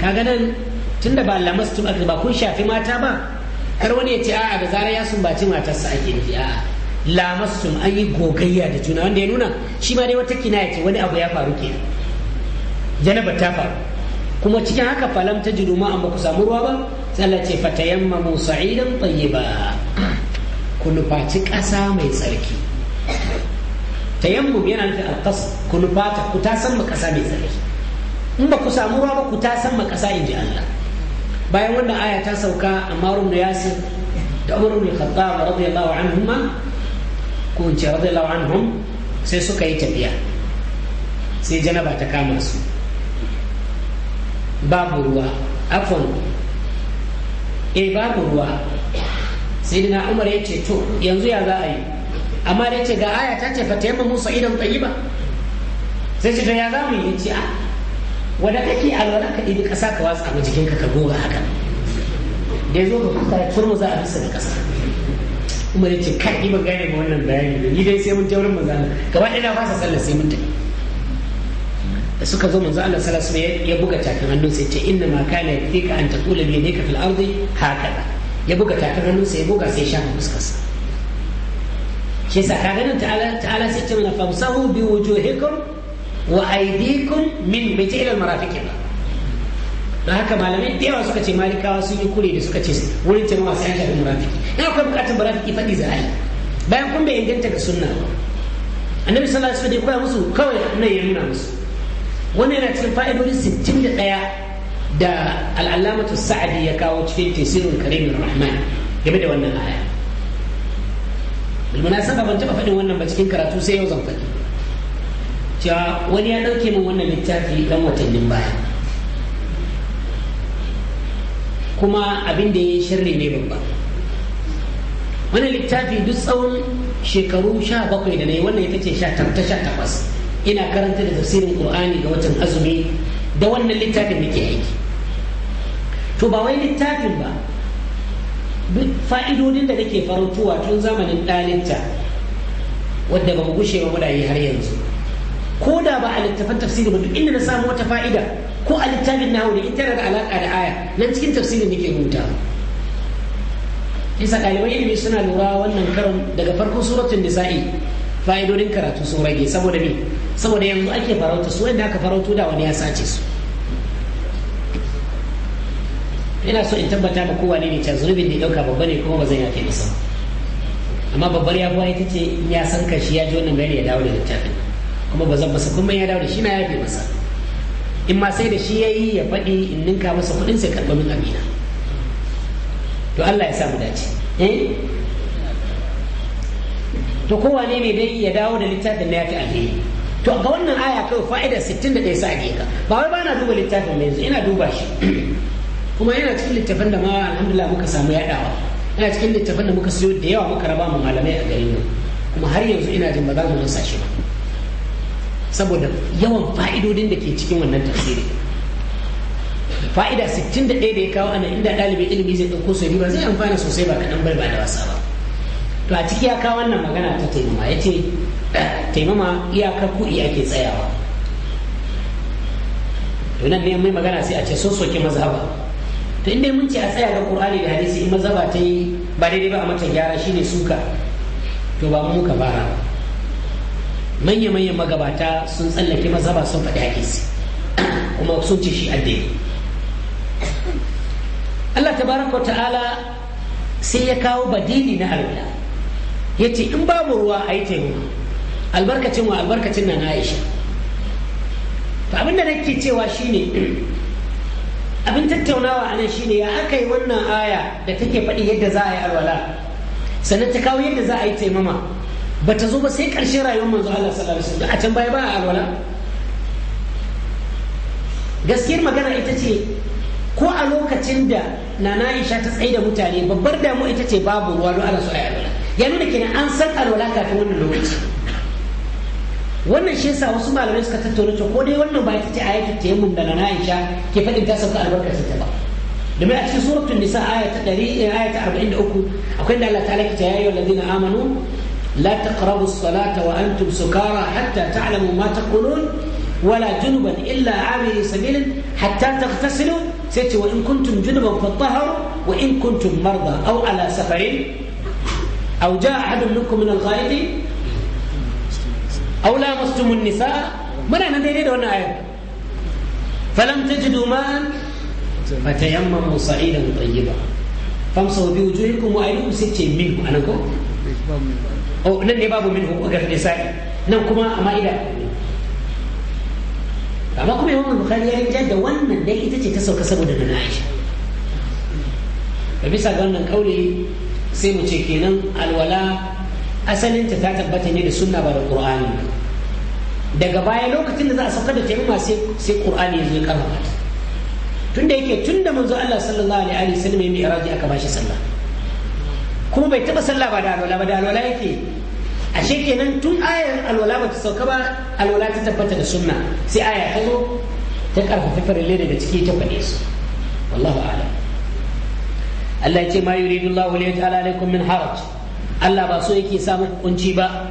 kaga nan tunda ba lamastum aka ba kun shafi mata ba kar wani ya ce a'a da zarar ya sumbaci matarsa ake nufi a'a lamastum an yi gogayya da juna wanda ya nuna shi ma dai wata kinaya ce wani abu ya faru ke janaba ta faru kuma cikin haka falam ta jiru ma amma ku samu ruwa ba sai Allah ce fatayammamu sa'idan ba. ku ƙasa mai tsarki yammu yana nufin alƙas ku nufata ku ta ma ƙasa mai tsarki in ba ku samu ruwa ba ku ta ma ƙasa in ji Allah bayan wannan aya ta sauka amma da yasi da umar ibn khattab radiyallahu anhuma ko in ce radiyallahu anhum sai suka yi tafiya sai janaba ta kama su babu ruwa afon eh babu ruwa sayyidina umar ya ce to yanzu ya za a yi amma da ce ga aya ta ce fa tayamma musa idan tayyiba sai ce ya za mu yi ce a ah, wanda kake alwala ka ɗibi ƙasa ka watsa a jikinka ka goga haka da ya zo ga kuka ya turmu za a bisa da ƙasa umar ya ce kai ni ban gane ba wannan bayani da ni dai sai mun taurin manzo Allah gaba ɗaya na fasa sallar sai mun tafi da suka zo manzo Allah sallallahu alaihi wasallam ya buga takan hannu sai ce inna ma kana yakfika an taqula bi yadika fil ardi hakada ya buga tafin hannunsa ya buga sai ya shafa fuskarsa shi yasa ka ganin ta'ala sai ce mana biyu bi wujuhikum wa aydikum min bi ila marafiqin don haka malamai da yawa suka ce malikawa sun yi kure da suka ce wurin jama'a sai an da murafiki ina akwai bukatun murafiki faɗi za bayan kun bai inganta ga sunna ba annabi sallallahu alaihi wasallam ya koya musu kawai nan ya nuna musu wannan yana cikin da ɗaya. da al'alamatu sa'adi ya kawo cikin tesirin karimin rahman game da wannan aya bilmuna sun ban taɓa faɗin wannan ba cikin karatu sai yau zan faɗi cewa wani ya ɗauke min wannan littafi ɗan watannin baya kuma abin da ya yi shirri ne babba wannan littafi duk tsawon shekaru sha bakwai da na yi wannan ita ce sha takwas ina karanta da tafsirin ƙur'ani ga watan azumi da wannan littafin nake aiki to ba wai littafin ba fa'idodin da nake farautuwa tun zamanin ɗalinta wadda ba mu gushe ba muna yi har yanzu ko da ba a littafin tafsiri ba duk inda na samu wata fa'ida ko a littafin nahu da ita da alaka da aya nan cikin tafsirin nake rubuta isa ɗalibai ilimi suna lura wannan karon daga farkon suratun nisa'i fa'idodin karatu sun rage saboda me saboda yanzu ake farauta su wanda aka farautu da wani ya sace su ina so in tabbata ma kowa ne can zunubin da dauka babba ne kuma ba zai yafe masa amma babbar ya buwa ita ce ya san kashi ya ji wannan gari ya dawo da littafin kuma ba zan masa kuma ya dawo da shi na yafe masa in ma sai da shi ya yi ya faɗi in ninka masa kuɗin sai karɓa min amina to Allah ya sa mu dace eh to kowa ne ne dai ya dawo da littafin na yafi alheri to ga wannan aya kawai fa'ida 61 sa a ka ba wai ba na duba littafin yanzu ina duba shi kuma yana cikin littafin da ma alhamdulillah muka samu yaɗawa yana cikin littafin da muka siyo da yawa muka raba mu malamai a garin mu kuma har yanzu ina jin ba za mu rasa shi ba saboda yawan fa'idodin da ke cikin wannan tafsiri fa'ida 61 da ya kawo ana inda dalibin ilimi zai ɗauko su ba zai amfana sosai ba kaɗan bai ba da wasa ba to a ciki ya kawo wannan magana ta taimama ya ce taimama iyakar kuɗi ake tsayawa to nan ne mai magana sai a ce sun soke mazhaba to inda mun ce a tsaya ga qur'ani da hadisi in mazhaba ta yi ba daidai ba a mata gyara shine suka to ba mu muka fara manya manyan magabata sun tsallake mazhaba sun faɗi hadisi [COUGHS] kuma sun ce shi addini Allah tabaraka ta'ala sai ya kawo badili na alwala ya ce in babu ruwa a yi taimako albarkacin wa albarkacin nan na aisha to abinda nake cewa shine abin tattaunawa a nan shine ya aka yi wannan aya da take faɗi yadda za a yi alwala sannan ta kawo yadda za a yi taimama ba ta zo ba sai ƙarshen rayuwar manzo Allah sallallahu alaihi wasallam a can baya ba a alwala gaskiyar magana ita ce ko a lokacin da nana Aisha ta tsaye da mutane babbar damu ita ce babu ruwa don Allah alaihi alwala ya nuna kenan an san alwala kafin wannan lokaci wannan shi yasa wasu malamai suka tattauna cewa ko dai wannan ba ta ce ayatu tayammum daga na Aisha ke fadin ta sauka albarkacin ta ba domin a cikin suratul nisa aya ta 100 eh, aya ta 43 akwai da Allah ta laka ta yayyo ladina amanu la taqrabu as-salata wa antum sukara hatta ta'lamu mata taqulun wala junuban illa amiri sabilin hatta taghtasilu sai ce wa in kuntum junuban fatahharu wa in kuntum marda aw ala safarin aw jaa ahadun minkum min al-ghaidi aula lamastumun nisa muna nan daidai da wannan ayar falam tajidu ma'an fatayammamu sa'idan tayyiba famsahu bi wujuhikum wa aydikum sitte minhu anan ko oh nan ne babu min ko ga nisa nan kuma a ma'ida amma kuma imam bukari ya rinjar da wannan dai ita ce ta sauka saboda da aisha da bisa ga wannan kauli sai mu ce kenan alwala asalinta ta tabbata ne da sunna ba da qur'ani daga baya lokacin da za a saukar da taimama sai sai qur'ani ya zo ya karfafa ta tunda tun da manzo Allah sallallahu alaihi wasallam ya mi'raji aka bashi sallah kuma bai taba sallah ba da alwala ba da alwala yake ashe kenan tun ayar alwala ba ta sauka ba alwala ta tabbata da sunna sai aya ta zo ta karfafa farille daga ciki ta fade su wallahu a'lam Allah ya ce ma yuridu Allah li yaj'ala alaikum min haraj Allah ba so yake sa muku kunci ba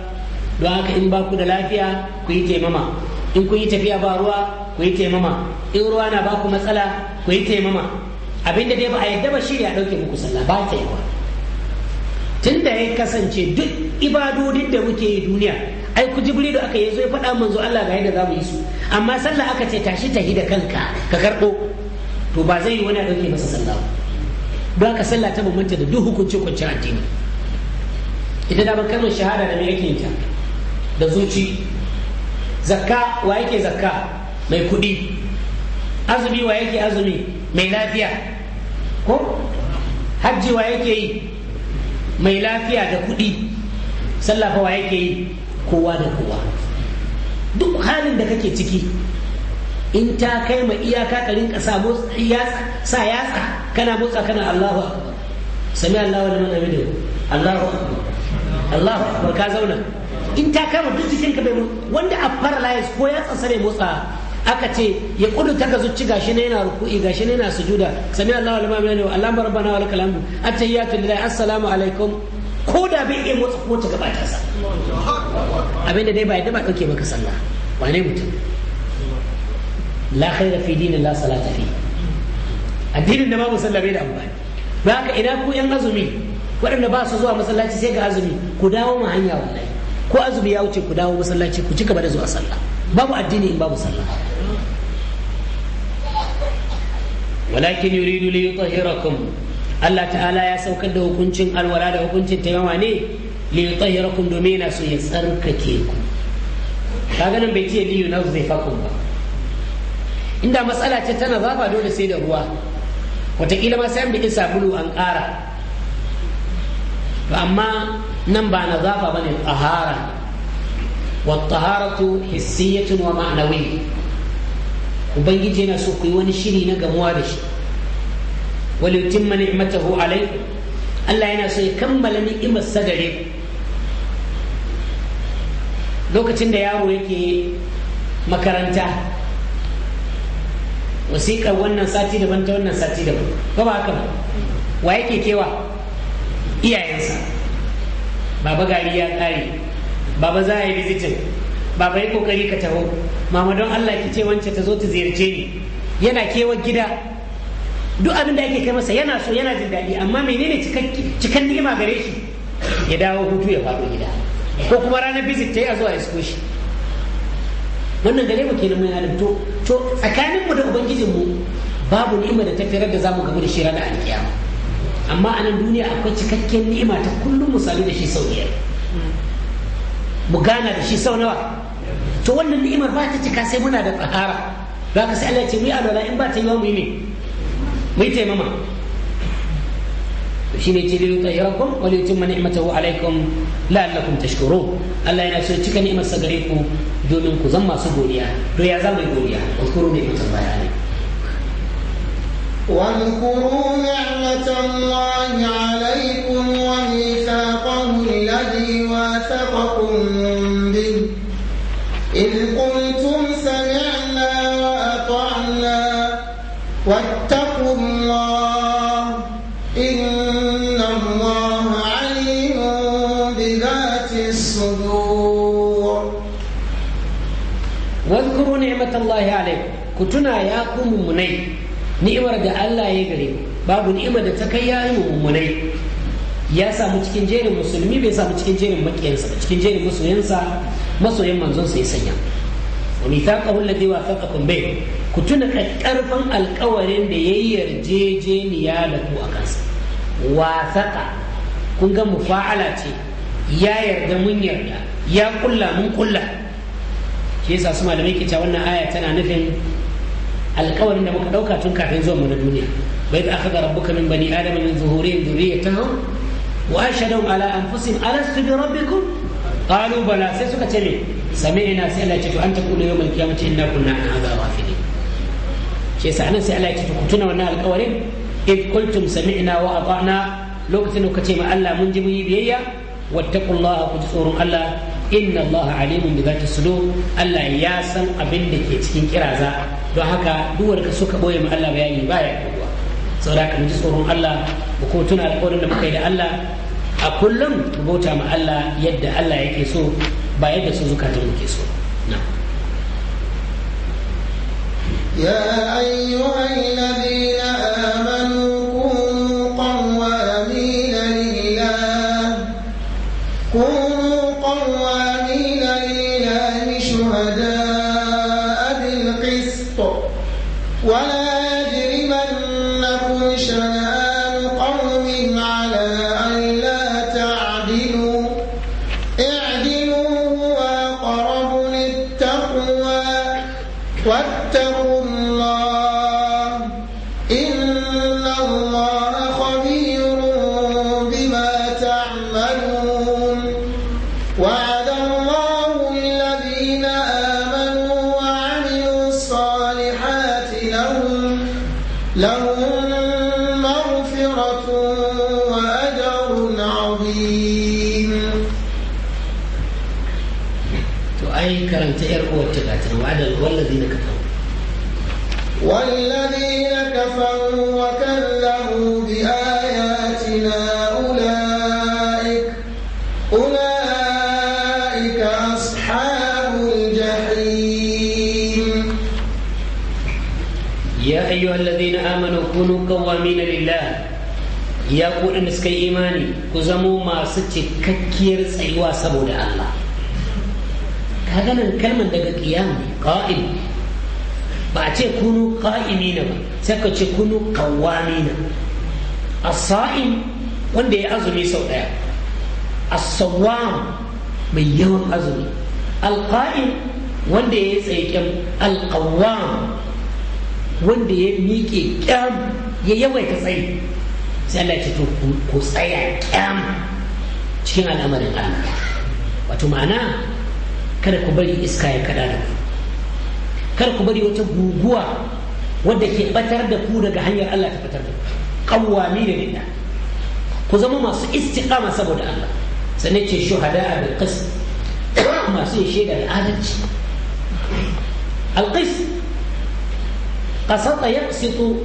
don haka in ba ku da lafiya ku yi taimama in ku yi tafiya ba ruwa ku yi taimama in ruwa na ba ku matsala ku yi taimama Abin da dai ba a yadda ba shi ne a ɗauke muku sallah ba ta yawa tun da ya kasance duk ibadodin da muke yi duniya ai ku jibrilu aka yi zo ya faɗa manzo Allah ga yadda za mu yi su amma sallah aka ce tashi tahi da kanka ka karɓo to ba zai yi wani a ɗauke masa sallah ba don haka sallah ta bambanta da duk hukuncin kwanciyar addini ita damar kalmar shahada da mai yake ta da zuci zakka wa yake zakka mai kuɗi azumi wa yake azumi mai lafiya ko hajji wa yake yi mai lafiya da kuɗi sallafa wa yake yi kowa da kowa duk halin da kake ciki in ta kai ma iyaka ka rinka sa yatsa kana motsa kana Allahu akbar sami Allahu liman hamidahu Allahu akbar Allah barka ka zauna in ta kama duk cikin bai wanda a paralyze ko ya tsansa motsa aka ce ya kuduta ga zuci gashi ne yana ruku'i gashi ne yana sujuda sami Allahu liman min wa Allahu rabbana wa lakal hamdu attahiyatu lillahi assalamu alaikum ko da bai iya motsa ko ta gaba ta sa abinda dai ba yadda ba dauke maka sallah wane mutum la khaira fi dinin la salata fi addinin da babu sallah bai da amfani ba haka ina ku yan azumi waɗanda ba su zuwa masallaci sai ga azumi ku dawo mu hanya wallahi ko azumi ya wuce ku dawo masallaci ku ci gaba da zuwa sallah babu addini in babu sallah walakin yuridu li yutahhirakum Allah ta'ala ya saukar da hukuncin alwala da hukuncin tayawa ne li yutahhirakum domin yana so ya tsarkake ku kaga nan bai ce li yunazzifakum ba inda matsala ce tana zafa dole sai da ruwa wataƙila ma sai an bi sabulu an ƙara amma nan ba nazafa bane tahara wa taharatu hissiyatun wa ma'anawi ubangiji yana so ku yi wani shiri na gamuwa da shi wal mani ni'matahu alai Allah yana so ya kammala ni'imar sa gare lokacin da yaro yake makaranta wasiƙar wannan sati daban ta wannan sati daban ba ba haka ba wa yake kewa iyayensa baba gari ya kare baba za a yi bizitin baba yi kokari ka taho mama don allah ki ce wance ta zo ta ziyarce ni yana kewar gida duk abin da ake kai masa yana so yana jin daɗi amma menene cikan ni'ima gare shi ya dawo hutu ya faɗo gida ko kuma ranar bizit ta yi a zuwa ya shi wannan gare mu kenan mai halin to tsakaninmu da ubangijinmu babu ni'ima da ta da zamu gamu da shi ranar alkiyama amma a nan duniya akwai cikakken ni'ima ta kullum mu da shi sau biyar mu gana da shi sau nawa to wannan ni'imar ba ta cika sai muna da tsahara za ka sai Allah ce mu yi alwala in ba ta yi mu yi ne mu yi taimama shi ne ce wani tsahirakum wa liyu timma ni'matahu alaikum la'allakum tashkuru Allah yana so cika ni'imar sa gare ku domin ku zan masu godiya to ya za mu yi godiya wa kuro baya ne. واذكروا نعمة الله عليكم وميثاقه الذي واثقكم به إذ قلتم سمعنا وأطعنا واتقوا الله إن الله عليم بذات الصدور واذكروا نعمة الله عليكم كتنا يا قوم منين ni'imar da Allah ya gare babu ni'imar da ta kai ya yi mummunai ya samu cikin jerin musulmi bai samu cikin jerin makiyansa ba cikin jerin masoyansa masoyan manzon sai sanya wa mithaqahu alladhi wathaqakum bih ku tuna karfan alkawarin da yayi yarjejeniya da ku a kansa wathaqa kun ga mufa'ala ce ya yarda mun yarda ya kulla mun kulla ke yasa su malamai ke cewa wannan aya tana nufin alkawarin da muka dauka tun kafin zuwa mu na duniya bai da aka ga rabbuka min bani adam min zuhurihim dhurriyyatahum wa ashhadu ala anfusihim alastu bi rabbikum qalu bala sai suka ce me sami'na sai Allah ya ce to an taqulu yawmal qiyamati inna kunna an hadha ghafilin shi yasa anan sai Allah ya ce ku tuna wannan alkawarin in qultum sami'na wa ata'na lokacin da kuka ce ma Allah mun ji mun yi biyayya wattaqullaha ku tsoron Allah inna Allah alimun da zata sudo Allah ya san abin da ke cikin kiraza don haka duwar ka suka boye ma Allah bayani baya kowa saboda ka ji tsoron Allah ko tuna alƙawarin da muka yi da Allah a kullum ku bauta ma Allah yadda Allah yake so ba yadda su zukatan ke so يا أيها الذين آمنوا takunu na lillah ya ku da suka yi imani ku zamo masu cikakkiyar tsayuwa saboda Allah kaga nan kalmar daga qiyam qa'im ba a ce kunu qa'imina ba sai ka ce kunu qawwamina as-sa'im wanda ya azumi sau daya as mai yawan azumi al-qa'im wanda ya yi tsaye alƙawam wanda ya miƙe ƙyam ya yawaita tsayi sai Allah ce to ku tsaya ƙyam cikin al'amarin Allah wato ma'ana kada ku bari iska ya kada da ku kada ku bari wata guguwa wadda ke batar da ku daga hanyar Allah ta batar da ku kawwami da nida ku zama masu istiqama saboda Allah sanne ce shuhada bil qist [COUGHS] masu yin shaida adalci al qist qasata yaqsitu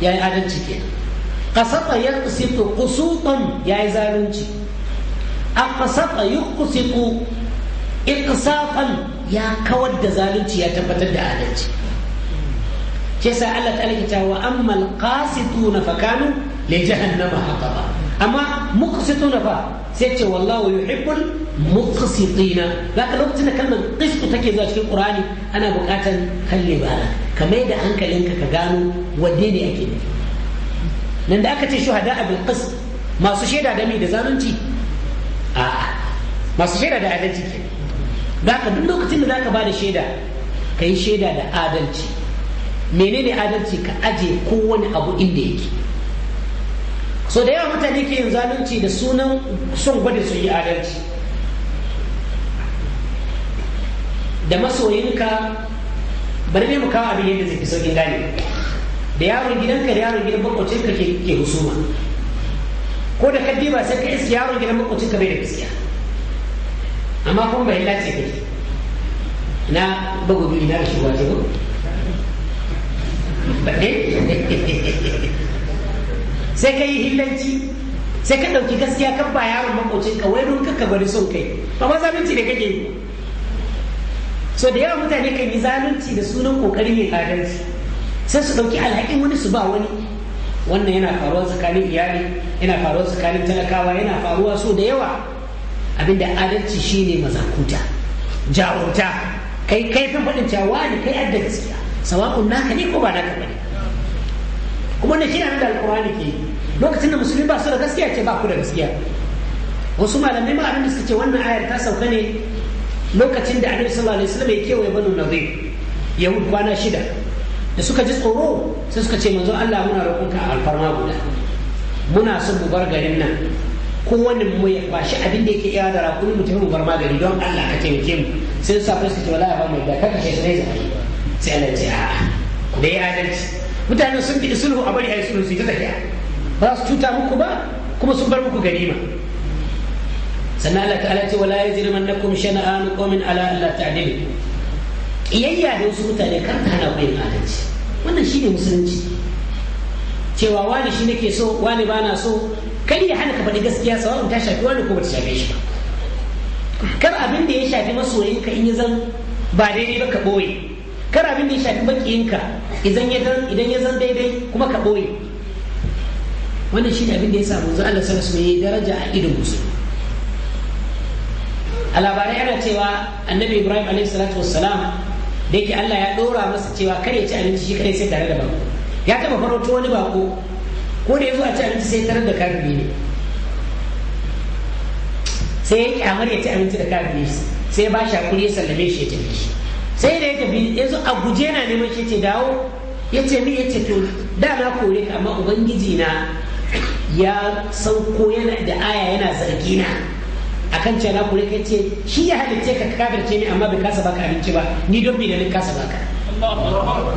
ya yi adalci ke qasata yaqsitu qusutan yayi zalunci aqsata yuqsitu iqsafan ya kawar da zalunci ya tabbatar da adalci Ke yasa Allah ta alkita wa ammal qasituna fakanu li jahannama haqaba amma muqsituna fa sai ce wallahu yuhibbul muqsitina ka lokacin da kalmar qisqu take zuwa cikin qur'ani ana buƙatan kalle bara ka mai da hankalinka ka gano wanne ne ake nufi nan da aka ce shuhada bil qisq masu shaida da mi da zalunci a'a masu shaida da adalci ke ka duk lokacin da zaka da shaida ka yi shaida da adalci menene adalci ka aje kowane abu inda yake so da yawa mutane ke yin zalunci da sunan son gwada su yi adalci da masoyinka bari ne mu kawo abin yadda zai fi sauƙin gane da yaron gidanka da yaron gidan ka ke husuma ko da kaddi ba sai ka iske yaron gidan ka bai da gaskiya amma kuma bai lace kake na bagudu ina na shi wajen ba sai ka yi hillanci sai ka ɗauki gaskiya kan ba yaron makocin ka wai don ka bari son kai ba ma zalunci ne kake yi so da yawa mutane kan yi zalunci da sunan kokari mai adalci sai su ɗauki alhakin wani su ba wani wannan yana faruwa tsakanin iyali yana faruwa tsakanin talakawa yana faruwa so da yawa abinda adalci shine mazakuta jarumta kai kai fi faɗin cewa ne kai adda gaskiya sawa'un naka ne ko ba naka bane kuma na shi da alƙur'ani ke lokacin da musulmi ba su da gaskiya ce ba ku da gaskiya wasu malamai ma da suka ce wannan ayar ta sauka ne lokacin da annabi sallallahu alaihi wasallam ya kewaye banu nadir yahud kwana shida da suka ji tsoro sai suka ce manzo Allah muna roƙonka a alfarma guda muna son mu bar garin nan kowane mu ya bashi abin da yake iya da rakuni mu tafi mu bar magani don Allah ka taimake mu sai su safa suka ce wallahi ba mai da kaka shi sai zai sai Allah ya ce a'a da ya adalci mutanen sun bi sulhu a bari ayi sulhu su ta tafiya ba su cuta muku ba kuma sun bar muku ganima sannan Allah ta'ala ce wala yajrimannakum shana'an qawmin ala alla ta'dilu iyayya da wasu mutane kar ta hana ku yin adalci wannan shine musulunci cewa wani shi nake so wani ba na so kai ya hana ka faɗi gaskiya sawa'un ta shafi wani ko bata shafe shi ba kar abin da ya shafi masoyinka in ya zan ba daidai ba ka ɓoye kar abin da ya shafi maƙiyinka idan ya zan daidai kuma ka ɓoye wannan shi ne abin da ya samu zuwa Allah sanar su mai daraja a idon musu. a labarai ana cewa annabi ibrahim alaihi salatu wassalam da yake Allah ya dora masa cewa kar ya ci abinci shi kadai sai tare da bako ya taba farauta wani bako ko da ya zuwa a ci abinci sai tare da karbi ne sai ya kyamar ya ci abinci da karbi ne sai ya bashi hakuri ya sallame shi ya tafi shi sai da ya tafi ya zo a guje na neman shi ce dawo ya ce ni ya ce to da na kore ka amma ubangiji na ya sauko yana da aya yana zargina kan cewa na kure kai ce shi ya halitta ka kafirce ni amma bai kasa baka abinci ba ni don bai da kasa baka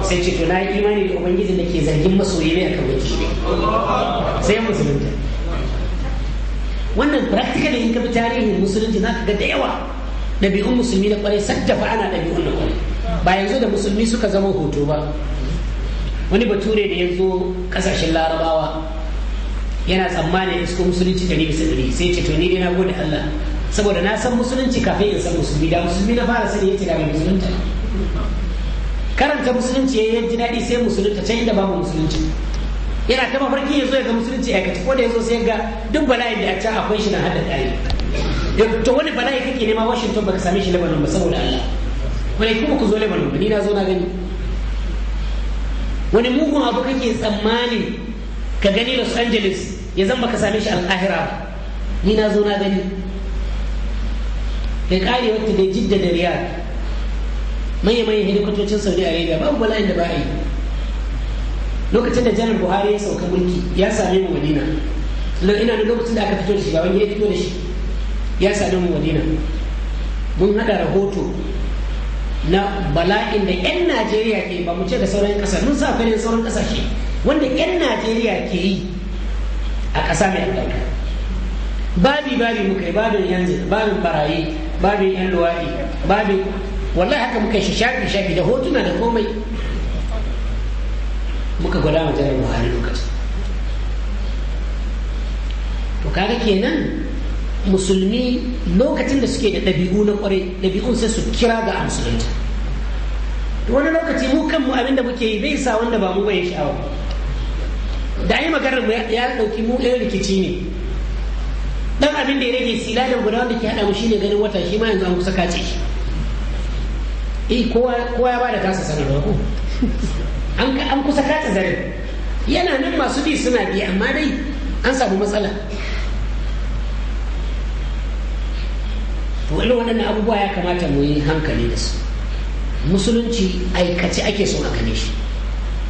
sai ce to na yi imani da ubangiji da ke zargin masoyi ne akan wajen sai ya musulunta wannan practical in ka bi tarihin musulunci za ka ga da yawa ɗabi'un musulmi na kwarai saddafa ana ɗabi'un na kwarai ba yanzu da musulmi suka zama hoto ba wani bature da yanzu kasashen ƙasashen larabawa yana tsammanin isko musulunci ɗari bisa ɗari sai ce to ni dai na gode Allah saboda na san musulunci kafin in san musulmi da musulmi na fara sani yace da mai musulunta karanta musulunci yayi yaji daɗi sai musulunta can inda babu musulunci yana ta mafarki ya zo ya ga musulunci aikace ko da ya zo sai ga duk bala'in da a can akwai shi na hada ɗari to wani bala'i kake nema washington baka same shi lebanon ba saboda allah wani kuma ku zo lebanon ba ni na zo na gani wani mugun abu kake tsammanin ka gani los angeles ya zan baka same shi al'ahira ni na zo na gani ya kare wata da jidda da riyad manya manyan hedikwatocin saudi arabia babu bala'in da ba a yi lokacin da janar buhari ya sauka mulki ya same mu madina ina da lokacin da aka fito da shi ga wani ya fito da shi ya same mu madina mun hada rahoto na bala'in da 'yan najeriya ke ba mu ce da sauran ƙasa mun sa sauran ƙasashe wanda 'yan najeriya ke yi a ƙasa mai albarka babi babi muka yi babin yanzu babin barayi babin yan luwaɗi babin wallahi haka muka yi shafi shafi da hotuna da komai muka gwada mu jarar buhari lokaci to kaga kenan musulmi lokacin da suke da ɗabi'u na ƙware ɗabi'un sai su kira ga musulunta wani lokaci mu kanmu abinda muke yi bai sa wanda ba mu bai sha'awa da yi maganar mu ya ɗauki mu ɗaya rikici ne ɗan abin da ya rage silalin guda wanda ke haɗa mu shine ganin wata shi ma yanzu an kusa kace shi eh kowa ya bada tasa sanarwa ko an kusa kace zare yana nan masu bi suna bi amma dai an samu matsala to irin waɗannan abubuwa ya kamata mu yi hankali da su musulunci aikace ake son a kane shi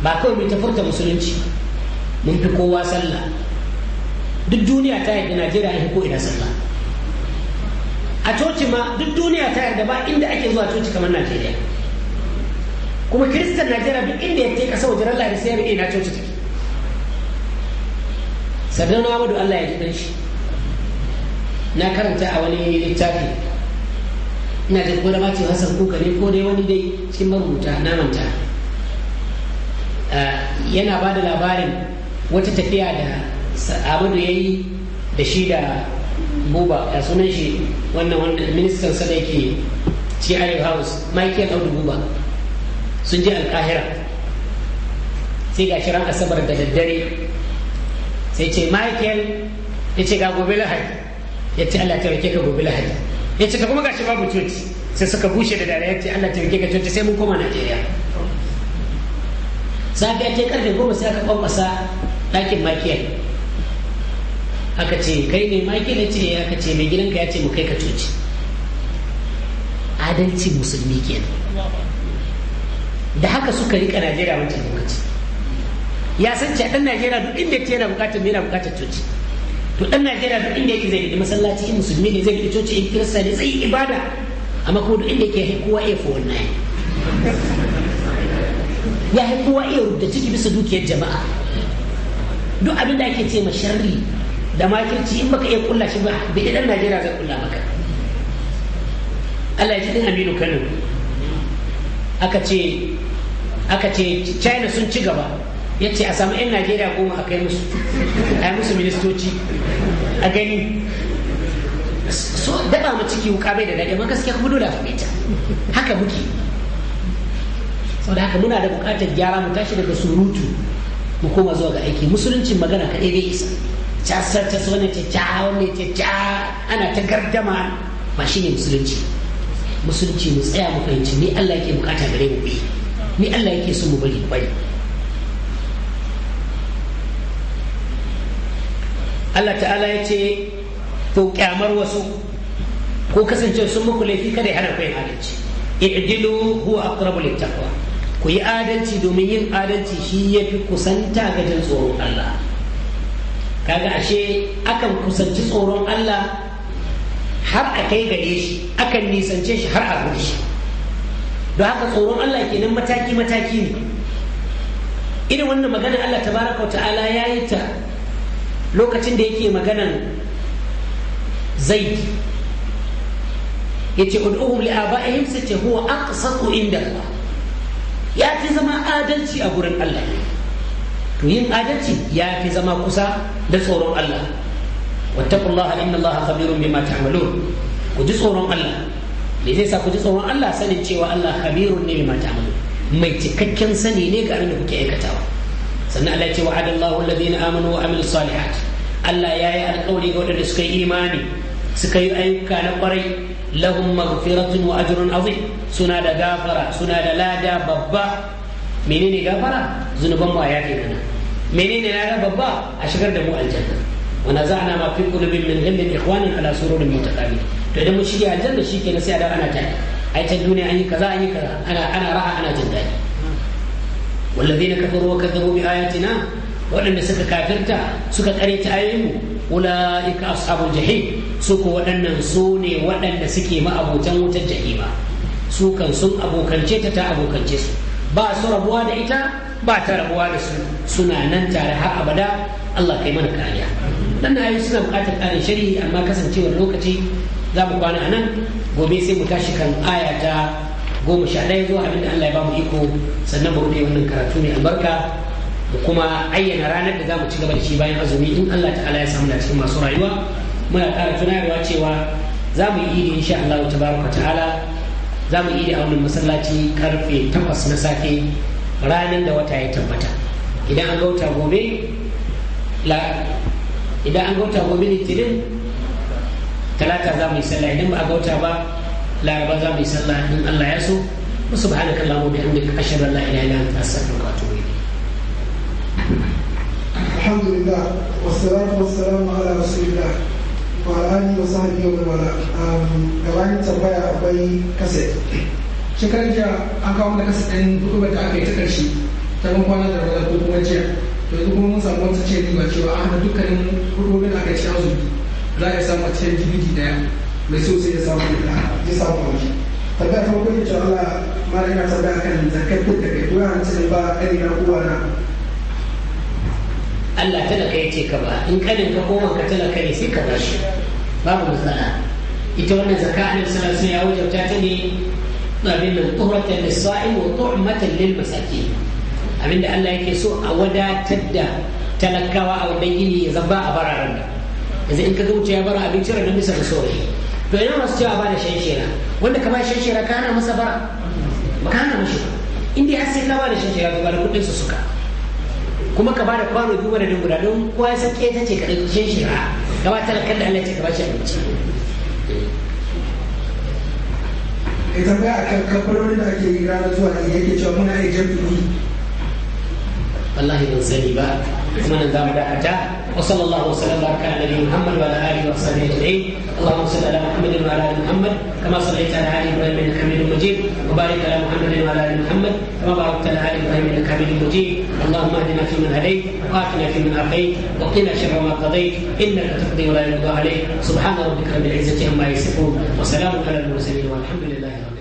ba kawai mai ta furta musulunci mun fi kowa sallah duk duniya ta yarda najeriya ya ko ina sallah a coci ma duk duniya ta yarda ba inda ake zuwa coci kamar najeriya kuma kiristan najeriya duk inda ya ta kasa wajen allah da sai ya na coci take sannan na wadu allah ya ji shi na karanta a wani littafi ina da kuma macin hassan kuka ne ko dai wani dai cikin marubuta na manta ah, yana ba da labarin wata tafiya da abu da ya yi da shi da buba ya sunan shi wannan wannan ministan sa da yake ci arab house michael audu buba sun je alkahira sai ga shirin asabar da daddare sai ce michael ya ce ga gobe lahadi ya ce allah taimake ka gobe lahadi ya ce ka kuma gashi babu coci sai suka bushe da dare ya ce allah taimake ka coci sai mun koma najeriya ya ce karfe goma sai aka kwankwasa ɗakin maki yi aka ce kai ne maki na ce eh, aka ce mai gidanka ya ce mu kai ka coci adalci musulmi kenan da haka suka rika najeriya wancan lokaci ya san a ɗan najeriya duk inda ce yana bukatar yana bukatar coci to ɗan najeriya duk inda yake zai da masallaci in musulmi ne zai da coci in kirista ne zai yi ibada amma kuma duk inda yake kowa ya fi wannan ya haikuwa kowa iya rubuta ciki bisa dukiyar jama'a duk abin da ake ce ma sharri da makirci in baka iya kulla shi ba bai idan Najeriya zai kulla maka Allah ya ji din Aminu Kano aka ce aka ce China sun ci gaba ya ce a samu 'yan Najeriya goma a kai musu a yi musu ministoci a gani so daba mu ciki wuka bai da daɗi amma gaskiya kuma dole a faɗi ta haka muke saboda haka muna da buƙatar gyara mu tashi daga surutu mu koma zuwa ga aiki musuluncin magana kaɗai bai isa casar ta wani ta wani ta ana ta gardama ba shi ne musulunci musulunci mu tsaya mu fahimci ni Allah yake bukata gare mu bi ni Allah yake so mu bari mu bari Allah ta'ala ya ce to kyamar wasu ko kasance sun muku laifi kada ya hana ku yin i'dilu huwa aqrabu littaqwa ku yi adalci domin yin adalci shi ya fi kusanta ga jin tsoron Allah kaga ashe akan kusanci tsoron Allah har a kai gare shi akan nisance shi har a gudu shi don haka tsoron Allah kenan mataki mataki ne irin wannan magana Allah tabaraka ta'ala ya yi ta lokacin da yake maganan zai yace ud'uhum li aba'ihim sace huwa aqsatu inda Allah ya fi zama adalci a gurin Allah to yin adalci ya fi zama kusa da tsoron Allah wattaqullaha inna Allaha khabirun bima ta'malun ku ji tsoron Allah me zai sa ku ji tsoron Allah sani cewa Allah khabirun ne bima ta'malun mai cikakken sani ne ga abin da kuke aikatawa sannan Allah ya ce wa'adallahu alladhina amanu wa amilus salihat Allah ya yi alƙawari ga waɗanda suka yi imani suka yi ayyuka na ƙwarai lahum maghfiratun wa ajrun azim suna da gafara suna da lada babba menene gafara zunuban mu a yafe mana menene lada babba a shigar da mu aljanna wa naza'na ma fi qulubin min ghillin ikhwanin ala sururin mutaqabbil to idan mu shige aljanna shikenan sai a dawo ana tare ai ta duniya an yi kaza an yi kaza ana ana raha ana jin daɗi والذين كفروا وكذبوا بآياتنا waɗanda suka kafirta suka ƙareta ayoyinmu ulaika ashabul jahim su ko waɗannan su ne waɗanda suke ma'abotan wutar jahima su kan sun abokance ta ta abokance su ba su rabuwa da ita ba ta rabuwa da su suna nan tare har abada Allah kai mana kariya dan na suna bukatar ƙarin sharhi amma kasancewar lokaci za mu kwana nan gobe sai mu tashi kan aya ta goma sha ɗaya zuwa abinda Allah ya ba iko sannan mu rufe wannan karatu ne albarka kuma ayyana ranar da za mu ci gaba da shi bayan azumi in Allah ta'ala ya samu na cikin masu rayuwa muna ƙara tunarwa cewa za mu yi idi insha Allah tabaraka ta'ala za mu yi idi a wannan masallaci karfe 8 na safe ranar da wata ya tabbata idan an gauta gobe la idan an ga gobe litinin talata za mu yi sallah idan ba a gauta ba laraba za mu yi sallah in Allah ya so subhanakallahumma wa bihamdika ashhadu an la ilaha illa anta astaghfiruka wa atubu ilayk الحمد لله والصلاة والسلام على رسول الله وعلى آله وصحبه ومن والاه gabanin تبايا akwai kaset شكرا jiya an kawo mana kaset ɗin hukumar da aka yi ta ƙarshe ta ban kwana da ramadan ko kuma jiya to mun samu wata ce cewa an haɗa dukkanin hukumomin aka ci an zubi za a samu cikin ɗaya mai so sai ya samu da ya samu a farko ne cewa Allah ma da ina kan zakar da kai ko yana ce ba kai na uwa na Allah talaka ya ce ka ba in kanin ka ko ka talaka ne sai ka ba shi babu matsala ita wannan zakka annabi sallallahu alaihi ya wajabta ta ne abin nan tuhratan lis-sa'im wa tu'matan lil-masakin abinda Allah yake so a wadatar da talakawa a wannan yini ya zaba a bararen da yanzu in ka ga wuce ya bara abinci ranar bisa da saurayi to ina masu cewa ba da shan wanda ka ba shan shera ka hana masa bara ba ka hana mashi ba inda ya sai ka ba da shan to ba da kuɗin su suka kuma ka bada kwano biyu madadin guda don kowa ya sake ta ce kaɗai kushin shi ra gaba talakar da Allah ce ka bashi abinci. Ita ba a kan kamfanonin da ake yi rana zuwa ne yake cewa muna iya jan Wallahi ban sani ba kuma nan za mu dakata وصلى الله وسلم وبارك على نبينا محمد وعلى اله وصحبه اجمعين اللهم صل على محمد وعلى ال محمد كما صليت على ال ابراهيم انك حميد المجيد، وبارك على محمد وعلى ال محمد كما باركت على ال ابراهيم انك حميد المجيد، اللهم اهدنا فيمن هديت وقاتنا فيمن عافيت وقنا شر ما قضيت انك تقضي ولا يقضى عليك سبحان ربك رب العزه عما يصفون وسلام على المرسلين والحمد لله رب العالمين